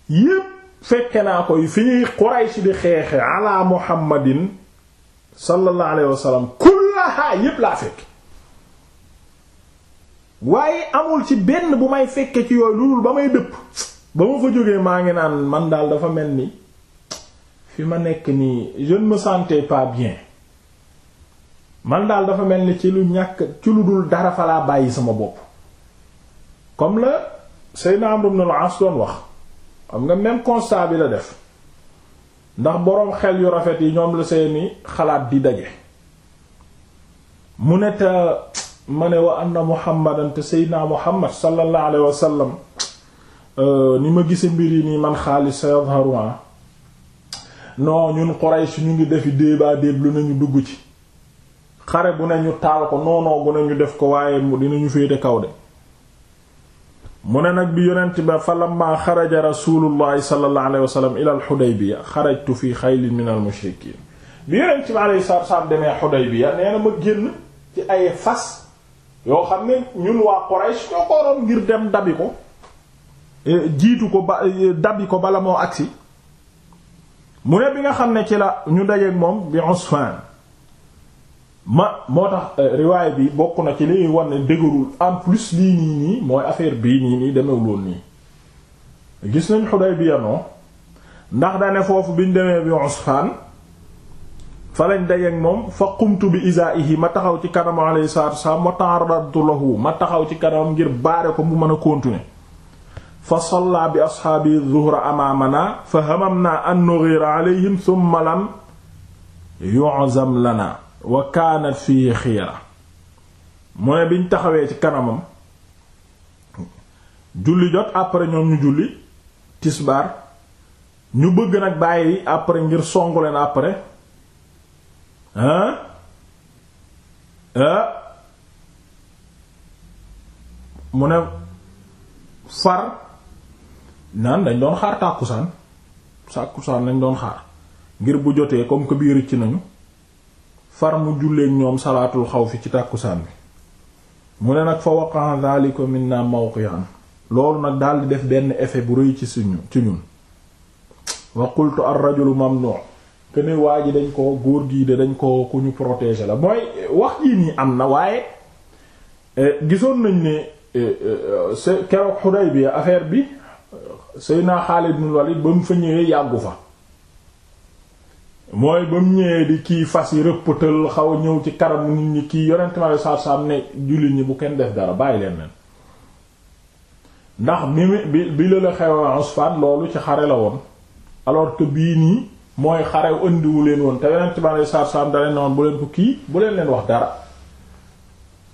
A: yépp fekke naa koy fi ñuy Quraysh di xeexe ala muhammadin sallallahu alayhi wa sallam kullaha yépp laa fekk waaye amul ci benn bu may fekke ci yooyu loolu ba may dëpp ba ma fa jógee maa ngi naan man daal dafa mel ni fi ma nekk nii je ne me sentais pas bien man daal dafa mel ni ci lu ñàkk ci lu dul dara fa laa bàyyi sama bopp comme la Seydina Amr ibn al-As doon wax xam nga même constat bi la def ndax boroom xel yu rafet yi ñoom la seeni xalaat di daje mu ne ta ma ne wa anna muhammadan te seydina muhammad sallallahu alayhi wa euh, ni ma gise mbir yi man xaalis sa yadharu ah. ñu ngi defi déebaa dugg ci bu nañu taal ko def ko waaye dinañu féete kaw mu ne nag bi yonent ba fa lamma xaraja rasulullahi sallallahu alayhi wa sallam ila salaam demee Hudaybiya nee na ma génn ci ay fas yoo xam ne ñun waa Quraysh ñoo ko waroon ngir dem dabi ko eh, jiitu ko ba eh, dabi ko bala moo agsi mu ne bi nga xam ne ci la ñu dajeeg moom bi Usfan ma moo tax eh, riwaay bi bokk na ci li wan ne dëgërul en plus lii nii nii mooy affaire bii nii nii demewul woon nii gis nañ Hudaybiya non ndax daane foofu biñ demee bi Usfan fa lañ moom fa qumtu bi izaa'ihi ma taxaw ci kanam alayhi salaatu wassalaam wa ta'arradtu lahu ma taxaw ci kanamam ngir baare ko mu mën a continuer fa salla bi asxaabi zuhra amaamana fa hamamna an nughira alayhim thumma lam yu'zam lana wa kaanat fii xiira mu ne biñ taxawee ci kanamam julli jot après ñoom ñu julli tisbaar ñu bëgg nag bàyyi après ngir songu leen après ah ah mu ne far naan dañ doon xaar tàkkusaan tàkkusaan lañ doon xaar ngir bu jotee comme que biir ci nañu far mu julleek ñoom salaatul xaw fi ci tàkkusaan bi mu ne nag fa waqa dhalika minna mawqi'an loolu nag daldi def benn effet bu rëy ci si ci ñun wa qultu rajulu mamnu' que ne waa ji dañ koo góor gii de dañ ko ku ñu protéger la mooy wax jii nii am na waaye eh, gisoon nañ ne eh, eh, keroog bi affaire bi Seydina Xaalid ibn Walid ba mu fa ñëwee yàggu fa mooy ba mu ñëwee di kii fas yi rëppatal xaw a ñëw ci kanamu nit ñi kii yonent ma saab-saab ne jullit ñi bu kenn def dara bàyyi leen leen ndax bi bi bi la la xew Usfan loolu ci xare la woon alors que bii nii mooy xare andiwu leen woon te yeneen ci bari saab-saab daleen na woon bu leen ko kii bu leen leen wax dara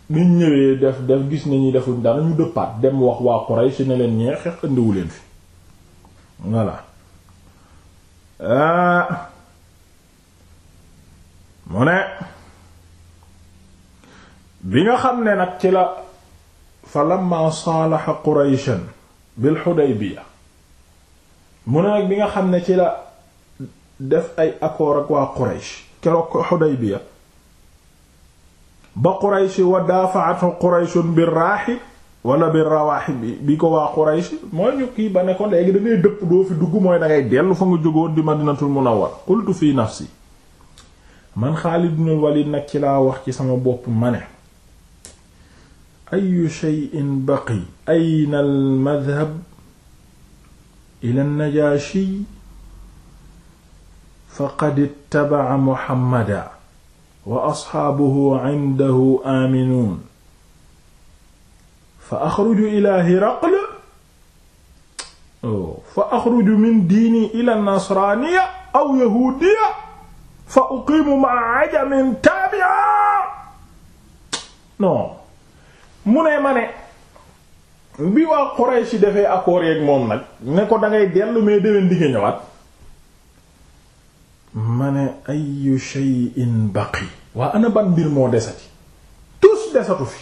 A: niñ ñëwee def def gis nañu defuñ dara ñu dëppaat dem wax waa Quraysh ne leen ñee xeex andiwu leen fi voilà ah. mu ne bi nga xam ne nag ci la fa lamma saalaxa Qurayshan bil Hudaybiya mu ne nag bi nga xam ne ci la def ay accord ak waa Quraysh keroog Hudaybiya ba Quraysh wa daafa'at Quraysh bir raaxi wala bir rawaaxi bi bi ko waa Quraysh mooy ñu kii ba ne ko léegi da dëpp doo fi dugg mooy da ngay dellu fa nga jógoon di Madinatul Munawwar qultu fi nafsi man Xaalid nag ci laa wax ci sama bopp mane ay ayu shay'in baqi ayna al madhab ila najaashi faqad ittabaca muhammada wa asxaabuhu cindahu aaminuun fa axruju ila moom nag ne dangay dellu mais déwén di nga ma ne ayu shay'in baqi waa ana ban mbir moo desati tous desatu fi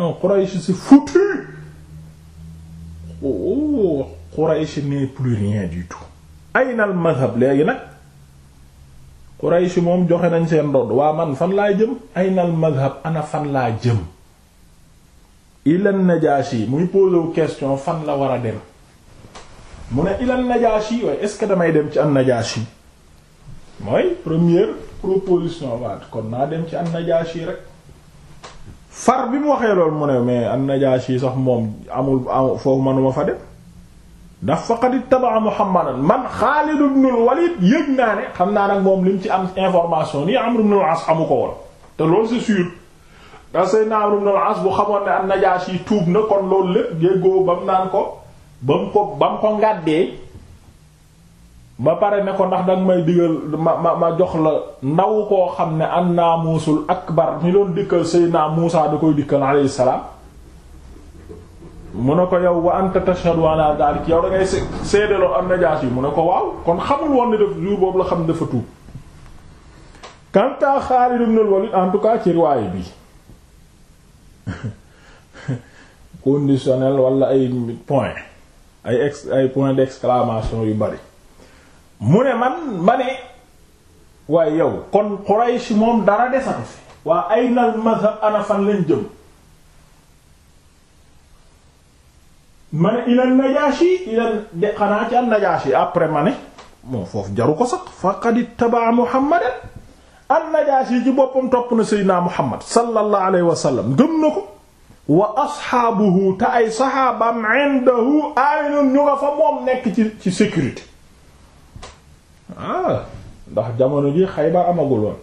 A: non oh, Quraysh c'est foutu oh Quraysh n'est plus rien du tout ayna al madhab léegi nag Quraysh moom joxe nañ seen dodd waa man fan laa jëm ayna al madhab ana fan laa jëm ilan Najashi muy posé question fan la war a dem mu ne ilan Najashi waaye est-ce que damay dem ci an Najashi mooy première proposition waat kon naa dem ci an-Najaashi rek far bi mu waxee loolu mu ne mais an-Najaashi sax moom amul foofu manuma fa dem ndax faqad ittaba Muhammadan man Xaalid ibn al-Walid yëg naa ne xam naa nag moom lim ci am information nii Amr ibn al-As amu ko woon te loolu c'est sûr da Seydina Amr ibn al-As bu xamoon ne an-Najaashi tuub na kon loolu lépp géegoo ba mu naan ko ba ko ba mu ko ba pare ne ko ndax danga may digal ma ma ma jox la ndaw koo xam ne am naamuusul akbar mi doon dikkal Seydina Muusaa da koy dikkal alayhi salaam mu ne ko yow wa anta tashhadu ala dalik yow da ngay seedaloo am najaas yi mu ne ko waaw kon xamul woon ne def jour boobu la xam dafa tuub kanta Xaalid ibn al-Walid en tout cas ci riwaaye bi conditionnel ay point ay ex ay point d'exclamation yu bari mu ne man ma waaye yow kon Quraysh moom dara desatu fi waa ay nal mazhab ana fan lañ jëm ma ne ilal Najaashi ilal de xanaa ci al Najaashi après ma moo foofu jaru ko sax faqad ittaba Muhammadan al Najaashi ci boppam topp na Seydina Muhammad sallallahu alayhi wa sallam gëm na ko wa asxaabuhu te ay saxaabam ñu nga fa moom nekk ci ci ah ndax jamono ji xay amaguloon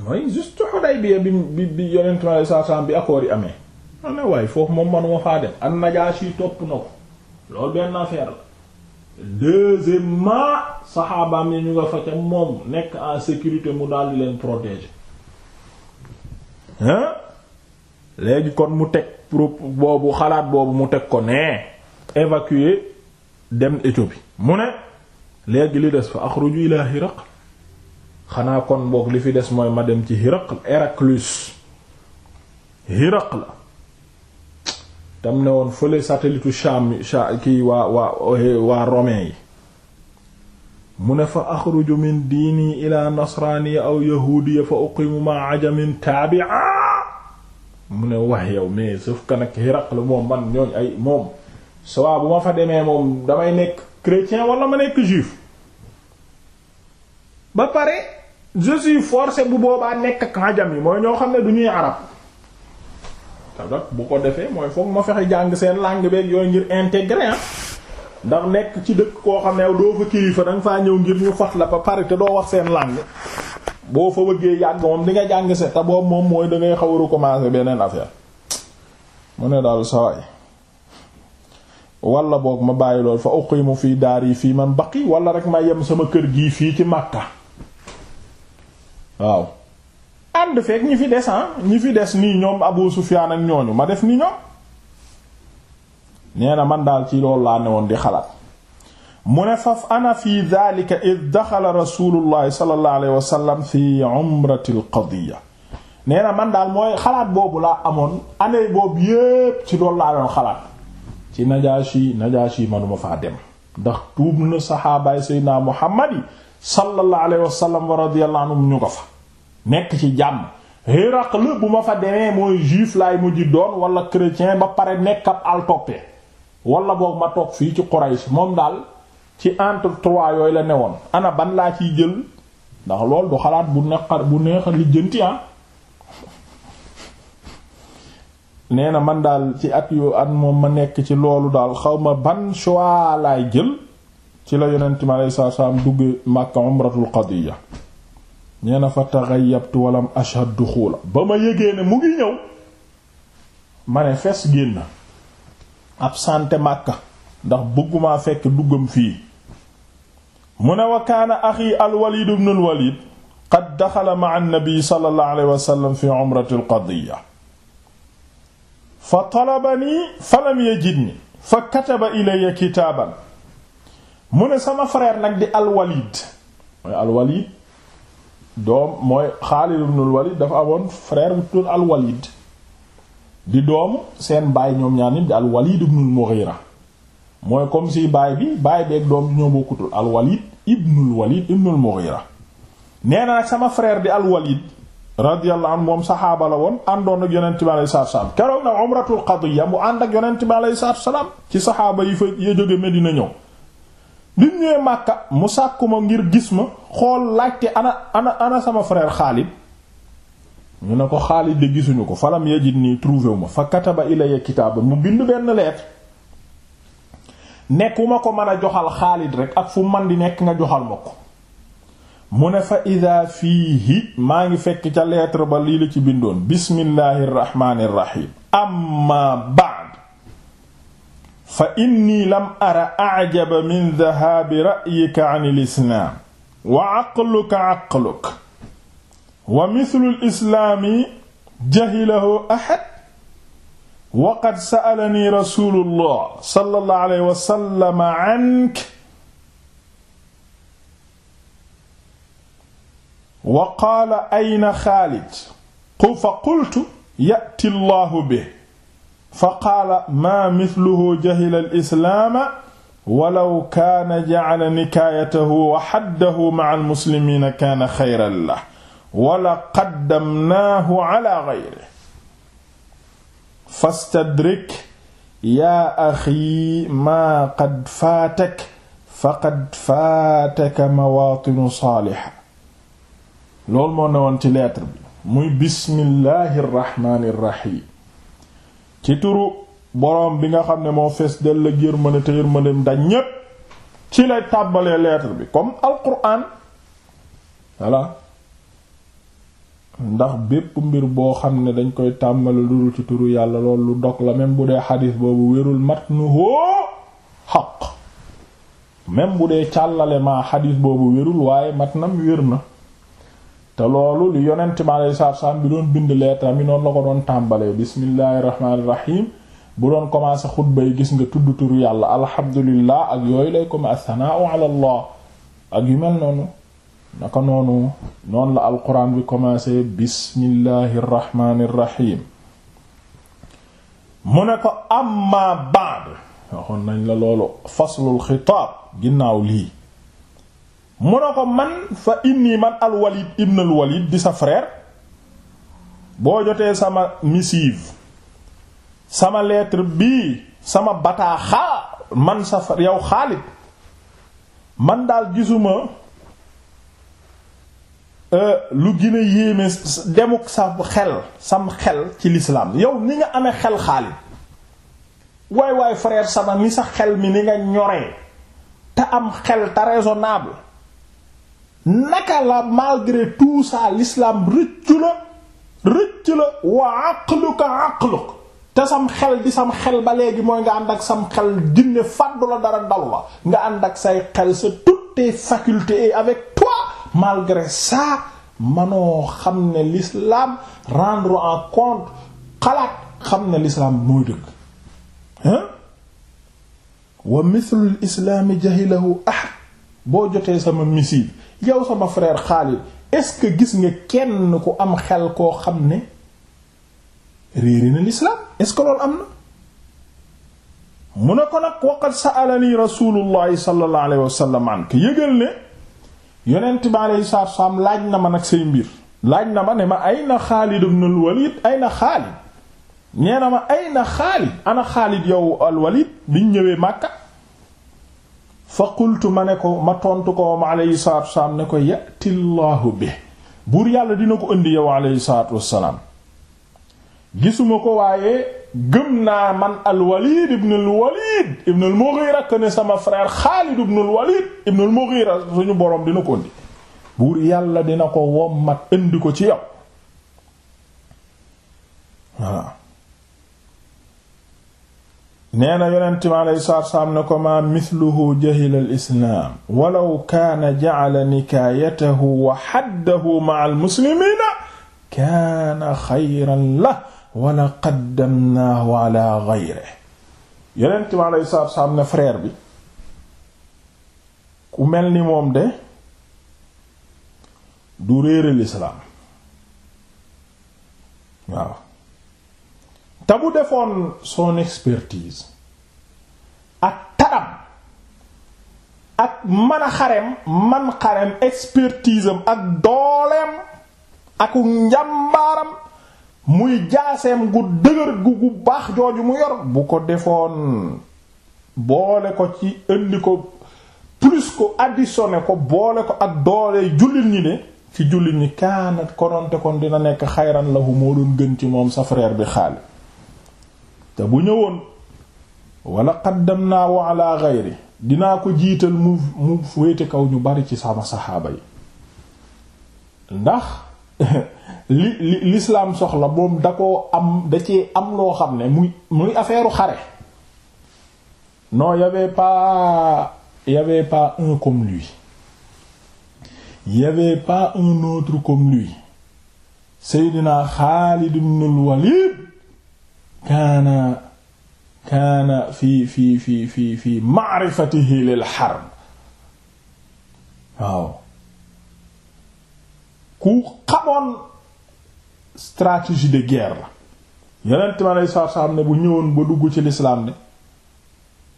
A: amagu juste Hudaybiya bi bi bi yonentu Yàlla saa saa bi accord yi amee man waaye foofu moom manuma faa dem an Najaashi topp na ko loolu benn affaire la deuxièmement saxaabaam yi ñu nga fa moom nekk en sécurité mu daal di leen protéger hein léegi kon mu teg pro boobu xalaat boobu mu teg ko nee évacuer dem Éthiopie mu ne léegi li des fa axruju ilaa Hiraq xanaa kon boog li fi des mooy ma dem ci Hiraq Héraclus Hiraq la tam ne woon fële satelliteu Sham kii waa waa waa romain yi mu ne fa axruju min diini ila nasraaniya aw yahuudiya fa uqimu ma wax yow mais sauf que nag Hiraq man ñooñ ay moom sawa bu ma fa demee moom damay nekk chrétien wala ma nekk juif ba pare je suis forcé bu boobaa nekk ak ajam yi mooy ñoo xam ne du ñuy arab tadak bu ko defee mooy foog ma fexe jàng seen langue beeg yooyu ngir intégré ah ndax nekk ci dëkk koo xam ne doo fa kilifa danga faa ñëw ngir ñu fat la ba pare te doo wax seen langue boo fa wëggee yàgg moom di nga jàng se te boobu moom mooy da ngay xaw a recommencer beneen affaire mu ne daal sawaay wala boog ma bàyyi loolu fa uqimu fii daar yi fii man baqi wala rek ma yem sama kër gii fii ci Makka waaw ànd fekk ñi fi des ah ñi fi des nii ñoom Abu Sufyaan ak ñooñu ma def ni ñoom nee na man daal ci loolu laa newoon di xalaat mu ne faf ana fi daalika id daxala rasulullahi sallallahu alayhi wa sallam fi umratil qadiya nee na man daal mooy xalaat boobu laa amoon année boobu yépp ci lool laa doon xalaat ci Najaashi Najaashi manuma faa dem ndax tuub na saxaabaay Seydina Muhammad yi sallallahu alayhi wa sallam wa radiyallahu anhum ñu ko fa nekk ci jàmm Héraqle bu ma fa demee mooy juif laay mujj doon wala chrétien ba pare nekk ab altoppe wala boog ma toog fii ci Quraysh moom daal ci entre trois yooyu la ne woon ana ban laa ciy jël ndax lool du xalaat bu neqar bu neexal lijjanti ah nee na man daal ci at yu at moom ma nekk ci loolu daal xaw ma ban choix laay jël ci la yonent ma alayhi salaatu salaam dugg Makka umratul qadiya nee na fa taghayyabtu walam ashhad duxuula ba ma yégee ne mu ngi ñëw ma ne fes génn absenté Makka ndax bëgguma fekk duggam fii mu ne wa kaana axi al-Walid ibn qad daxala ma'a an-nabi sallallahu alayhi fi umratil qadiya fa talabani falam yajidni fa kataba ilayya kitaaban mu ne sama frère nag di alwalid mooy alwalid doom mooy Xaalid ibnul Walid dafa amoon frère bu tudd alwalid di doom seen baay ñoom ñaar nit di alwalid ibnul Mughira mooy comme si baay bi baay beeg doom bi ñoo bokkutul alwalid ibnul Walid ibnul Mughira nee na nag sama frère di alwalid radiyallahu anhu moom saxaaba la woon àndoon ak yonent bi alayhi salaatu salaam keroog nag umratul qadiya mu ànd ak yonent bi alayhi salaatu salaam ci saxaaba yi fa ya jóge Medina ñëw bi mu ñëwee mu sàkku ma ngir gis ma xool laajte ana ana ana sama frère Xaalid ñu ne ko Xaalid de gisuñu ko falam yajid nii trouvé ma fa kataba ilaya kitaaba mu bind benn lettre nekkuma ko mën a joxal xaalit rek ak fu man di nekk nga joxal ma ko mu ne fa fii fiihi maa ngi fekk ca lettre ba lii la ci bindoon bismillaahir rahmaanir rahiim fa inni lam ara ajaba min dahaabi ra'yika an alislaam wa aqluka aqluka wa mithlu alislaami jahilahu ahad wa qad sa'alani rasuulullah sallallahu alayhi wa sallam anka wa qaala ayna xaalid fa qultu ya'ti allahu bihi fa qaala maa mithluhu jahila alislaama walaw kaana jacala nikaayatahu wa xaddahu maca almuslimiina kaana xayran lah wala qaddamnaahu ala gayrihi fastadrik yaa axi maa qad faatak faqad faataka mawaatinu saalixa loolu moo newoon ci lettre bi muy bismillahi irraxmaani irraxiim ci turu boroom bi nga xam ne moo fees dell ak yërmande te yërmandeem dañ ñépp ci lay tàbbalee lettre bi comme alquran voilà ndax bépp mbir boo xam ne dañ koy tàmbali lu dul ci turu yàlla loolu lu dog la même bu dee xadis boobu wérul matnuhu xaq même bu dee càllale ma xadis boobu wérul waaye matnam wér na te loolu li yonent mi alayhi salaam bi doon bind leetar mi noonu la ko doon tàmbalee bismillahir rahmanir rahim bu doon commencé xutba yi gis nga tudd turu yàlla alhamdulillah ak yooyu lay comme asanaa ala allah ak yu mel noonu naka noonu noonu la alquran bi commencé bismillahir rahmanir rahim mu ne ko amma ba'd waxoon nañ la loolu faslul xitaab ginnaaw lii mu ne ko man fa indi man alwalid ibn alwalid di sa frère boo jotee sama missive sama lettre bii sama bataaxaa man sa yow Xaalid man daal gisuma euh, lu gën a yéeme demuk sa xel sam xel ci lislaam yow ni nga amee xel Xaalid waay waay frère sama ni sa xel mi ni nga ñoree te am xel te raisonnable naka la malgré tout ça l'islam rëccu la rëcc la wa aqluka aqluk te sam xel di sam xel ba léegi mooy nga ànd ak sam xel ginne fàddu la dara dal la nga ànd ak say xel sa toutes tes facultés et avec toi malgré ça manoo xam ne l'islam rendre en compte xalaat xam ne l'islam mooy dëgg hein wa mithlu l jahilahu ahad boo jotee sama missile yow sama frère Khalid est-ce que gis nga kenn ku am xel koo xam ne réeri na l'islam est-ce loolu am na mu ne ko nag waqad sa'alani rasulullahi sallallahu alayhi wa sallam laaj na ma nag say mbir laaj na ma ne ma ayna Xaalid ibn al-Walid ayna Xaalid nee na ma ayna Xaalid ana Xaalid yow al-Walid biñ ñëwee Makka fa qultu ma ne ko ma tontu ko moom alayhi salaatu wassalaam ne ko yati llahu bi buur yàlla dina ko indi yow alayhi salaatu wassalaam gisuma ko waaye gëm naa man alwalid ibn alwalid ibn almughira que ne sama frère xaalid ibn alwalid ibn almughira suñu boroom dina ko indi buur yàlla dina ko wommat indi ko ci yow nee na yonent mi alayhi salaatu salaam ne ko maa mithluhu jahila al islaam walaw kaana ja'ala nikaayatahu wa haddahu ma'a al muslimiina kaana xayran lahu wa la qaddamnaahu ala ghayrihi yonent mi alayhi salaatu salaam ne frère bi ku mel ni moom de du réere lislaam waaw te bu defoon son expertise ak taram ak man a man xarem expertise am ak dooleem ak njàmbaaram muy jaaseem gu dëgër gu gu baax jooju mu yor bu ko defoon boole ko ci indi ko plus ko additionné ko boole ko ak doole jullit ñi de ci jullit ñi kaanat kononte kon dina nekk xayran lahu moo doon gën ci moom sa frère bi Xaalid te bu ñëwoon wala qaddamnaahu ala ghayri dinaa ko jiital mu mu wéete kaw ñu bari ci sama saxaaba yi ndax li li lislaam soxla moom da koo am da ci am loo xam ne muy muy affaire xare non y avait pas y avait pas un comme lui y pas un autre comme lui Seydina Xaalid ibn al kaana kaana fi fi fi fi fi ma'rifatihi lil harb waaw ku xamoon stratégie de guerre la yeneen ma lay saar saam ne bu ñëwoon ba dugg ci lislaam ne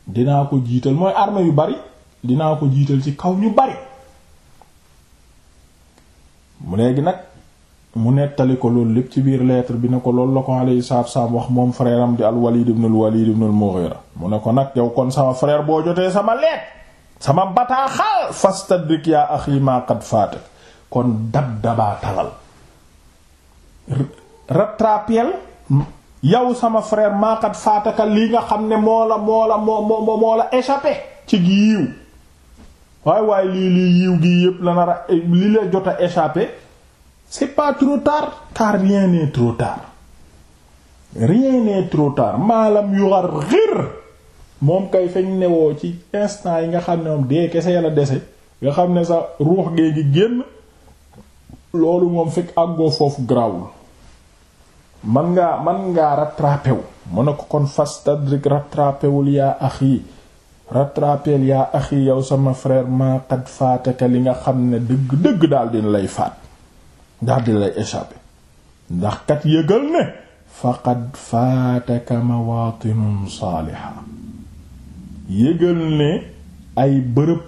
A: dinaa ko jiital mooy armée yu bari dinaa ko jiital ci kaw ñu bari mu léegi nag mu nettali ko loolu lépp ci biir lettre bi ne ko loolu la ko alayhi salaatu salaam wax moom frère am di al-Walid ibn al-Walid ibn al-Mughira mu ne ko nag yow kon sama frère boo jotee sama lettre sama bataaxal fastadrik yaa axi ma sama frère ma qad faataka li nga xam ne moo la moo la moo moo moo la échappé ci gi yiiw waaye waaye lii lii yiiw gi yépp la nar a li la jot a échappé c'est pas trop tard car rien n'est trop tard rien n'est trop moom kay feñ newoo ci instant yi nga xam ne moom dee kese yàlla dese nga xam ne sa ruux gee gi génn loolu moom fekk àggoo foofu grawul man ngaa man ngaa rattrapé wu mën na ko kon fastadrik rattrapé wul yaa axi rattrapeel yaa axi yow sama frère ma qad li nga xam ne dëgg dëgg daal dina lay faat daal di lay échappé ndax kat yëgal ne faqad faataka mawaatinun saaliha yëgal ne ay bërëb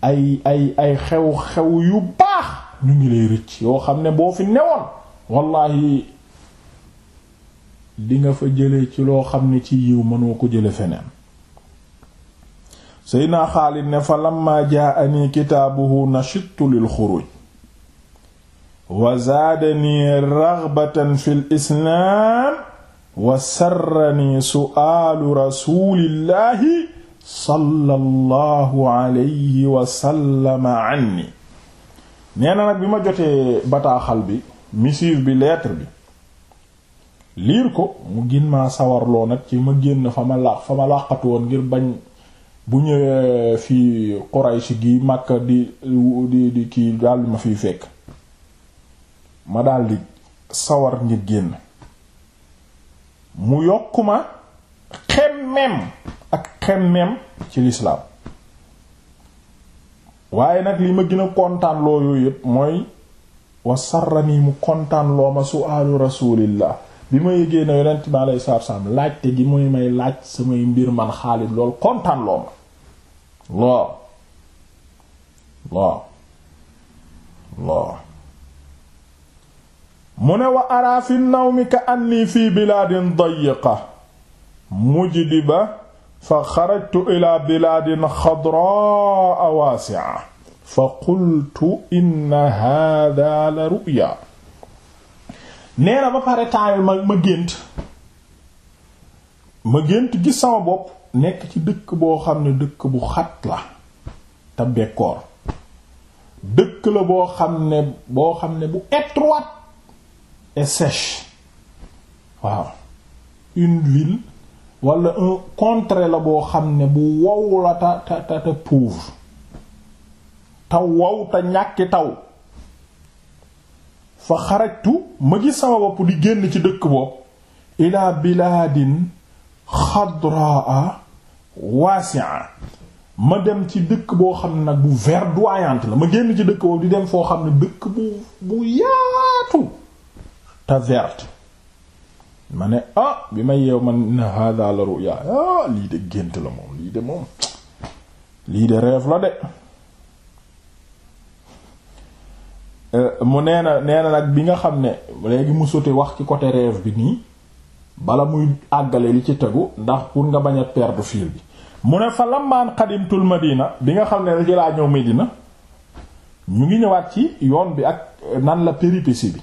A: ay ay ay xew-xew yu baax ñu ngi lay rëcc yoo xam ne boo fi newoon wallahi di nga fa jële ci loo xam ne ci yiw mënoo ko jële feneen Seydina Xaalid ne fa lamma jaa'ani kitaabuhu nashittu lil xuruj wa zaadanii ragbatan fil islaam wa sarranii su'aalu rasuulillaahi sallallahu alayhi wa sallam anni nag bi ma jotee bataaxal bi missive bi lettre bi liir ko mu gën maa sawarloo nag ci ma génn fa ma laax fa ma làqatu woon ngir bañ bu ñëwee fi Quraysh gi Makka di di di daal ma fi fekk ma daldi sawar ngir génn mu yokku ma xemmem ak xemmem ci lislaam waaye nag li ma gën a kontaan yooyu yépp mooy wasarranii mu kontaanloo loo su su'aalu rasulillah bi ma yégée na yonent bi alayhi salaatu salaam laajte gi muy may laaj samay mbir man Xaalid lool kontaan ma loo loo loo mu ne wa araa fi nawmi ka anni fi bilaadin dayiqa mujdiba fa xarajtu ila bilaadin xadraa waasi'a fa qultu inna haadaa la ru'ya nee na ba pare taayul ma gént ma gént gis sama bopp nekk ci dëkk boo xam ne dëkk bu xat la te bekkoor dëkk la boo xam ne bu étroite et sèche waaw une ville wala un contrée la boo xam ne bu wow la ta ta ta ta pauvre te wow te ñàkki taw fa xarajtu ma gis sama bopp di génn ci dëkk boo bopp ila bilaadin xadraa waasi'a ma dem ci dëkk boo xam ne nag bu verdoyante la ma génn ci dëkk boobu di dem foo xam ne dëkk bu bu yaatu te ma ne ah bi ma yeew man na hada la ruya ah lii de gént la moom lii de moom lii de rêve la de euh, mu nee na nee nag bi nga xam ne léegi mu sote wax ci côté rêve bi nii bala muy àggale li ci tegu ndax pour nga bañ a perdre fil bi mu ne fa lamaan xadimtul madina bi nga xam ne ci laa ñëw Medina ñu ngi ñëwaat ci yoon bi ak nan la péripétie bi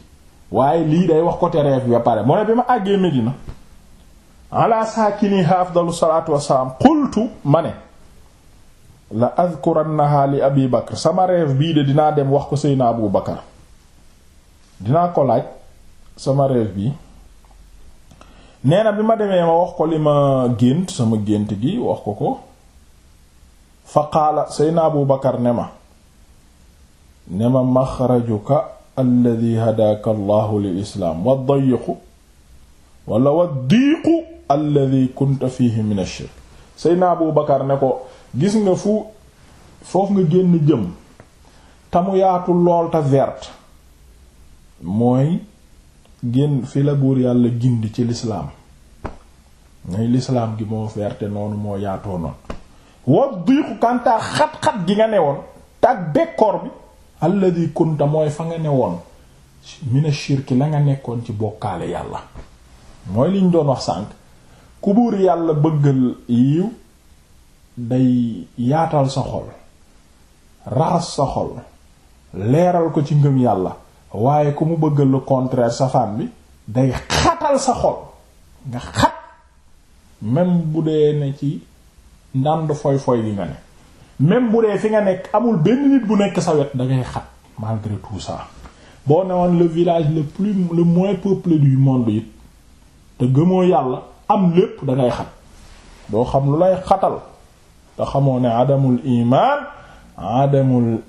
A: waaye lii day wax côté rêve bi ba pare moo ne bi ma àggee Medina ala saakini afdalu salaatu wassalaam qultu ma ne la azkurannaha li abi bakr sama rêve bii de dinaa dem wax ko seyna abu bakar dinaa ko laaj sama rêve bi nee na bi ma demee ma wax ko li ma gént sama gént gi wax ko ko fa qaala seyna abu ne ma ne ma maxrajuka alladi hadaaka allahu lil islaam wa dayiqu wala wa diiqu alladi kunta fihi min ash Abu Bakar ne ko gis nga fu foofu nga génn jëm tamu yaatu lool te verte mooy génn fi la buur yàlla gindi ci lislaam ngay lislaam gi moo verte noonu moo yaatoo noonu wa diiqu kantaa xat-xat gi nga newoon tak bekkoor bi alladi kunta mooy fa nga ne woon mina ki la nga nekkoon ci bokkaale yàlla mooy li ñu doon wax sànq ku buur yàlla bëggal yiw day yaatal sa xol raxas sa xol leeral ko ci ngëm yàlla waaye ku mu bëggal le contraire safaan bi day xatal sa xol nga xat même bu dee ne ci ndànd foy foy gi nga ne même bu dee fi nga nekk amul benn nit bu nekk sa wet da ngay xat malgré tout ça boo newoon le village le plus le moins peuplé du monde it te gëmoo yàlla am lépp dangay ngay xat doo xam lu lay xatal te xamoo ne adamul iman adamul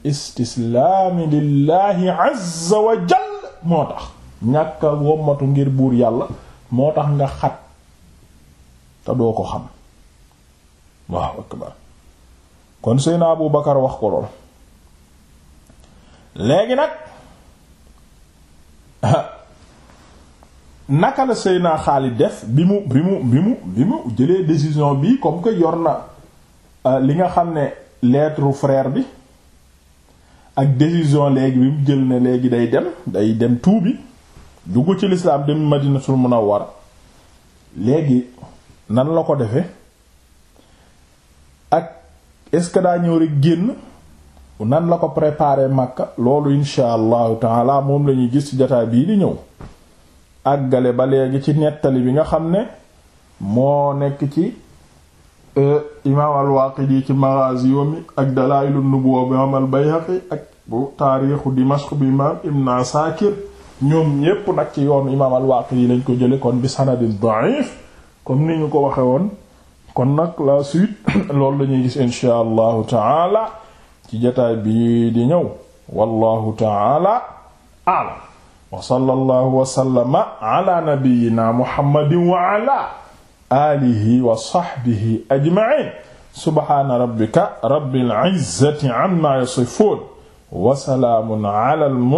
A: azza wa jal moo tax ñàkk wommatu ngir buur yàlla moo tax nga xat te doo ko xam waaw akbar kon seyna Abu Bakar wax ko lool léegi nag naka la naa Xaalid def bi mu bi mu bi mu jëlee décision bi comme que yor na euh, li nga xam ne lettre frère bi ak décision léegi bi mu jël ne léegi day dem day dem tuubi dugg ci lislaam dem a war léegi nan la ko defe ak est-ce que daa ñëw rek génn nan la ko préparer Makka loolu insha allahu taala moom lañuy gis ci jotaay bii di ñëw àggale ba léegi ci nettali bi nga xam ne moo nekk ci euh, imaam al-Waaqidi ci Maghaazi mi ak Dalaa'ilu Nubuwwa bi imaam al-Bayhaqi ak bu taarixu Dimashq bi imaam Ibn Asaakir ñoom ñépp nag ci yoonu imaam al yi lañ ko jële kon bi sanadin da'if comme ni ñu ko waxe kon nag la suite loolu lañuy gis insha allahu taala ci jataay bi di ñëw wallahu taala a'lam wa sallallahu wa sallama ala nabiyyina muhammadin wa ala alihi wa sahbihi ajma'in subhana rabbika rabbil izzati amma yasifun wa salaamun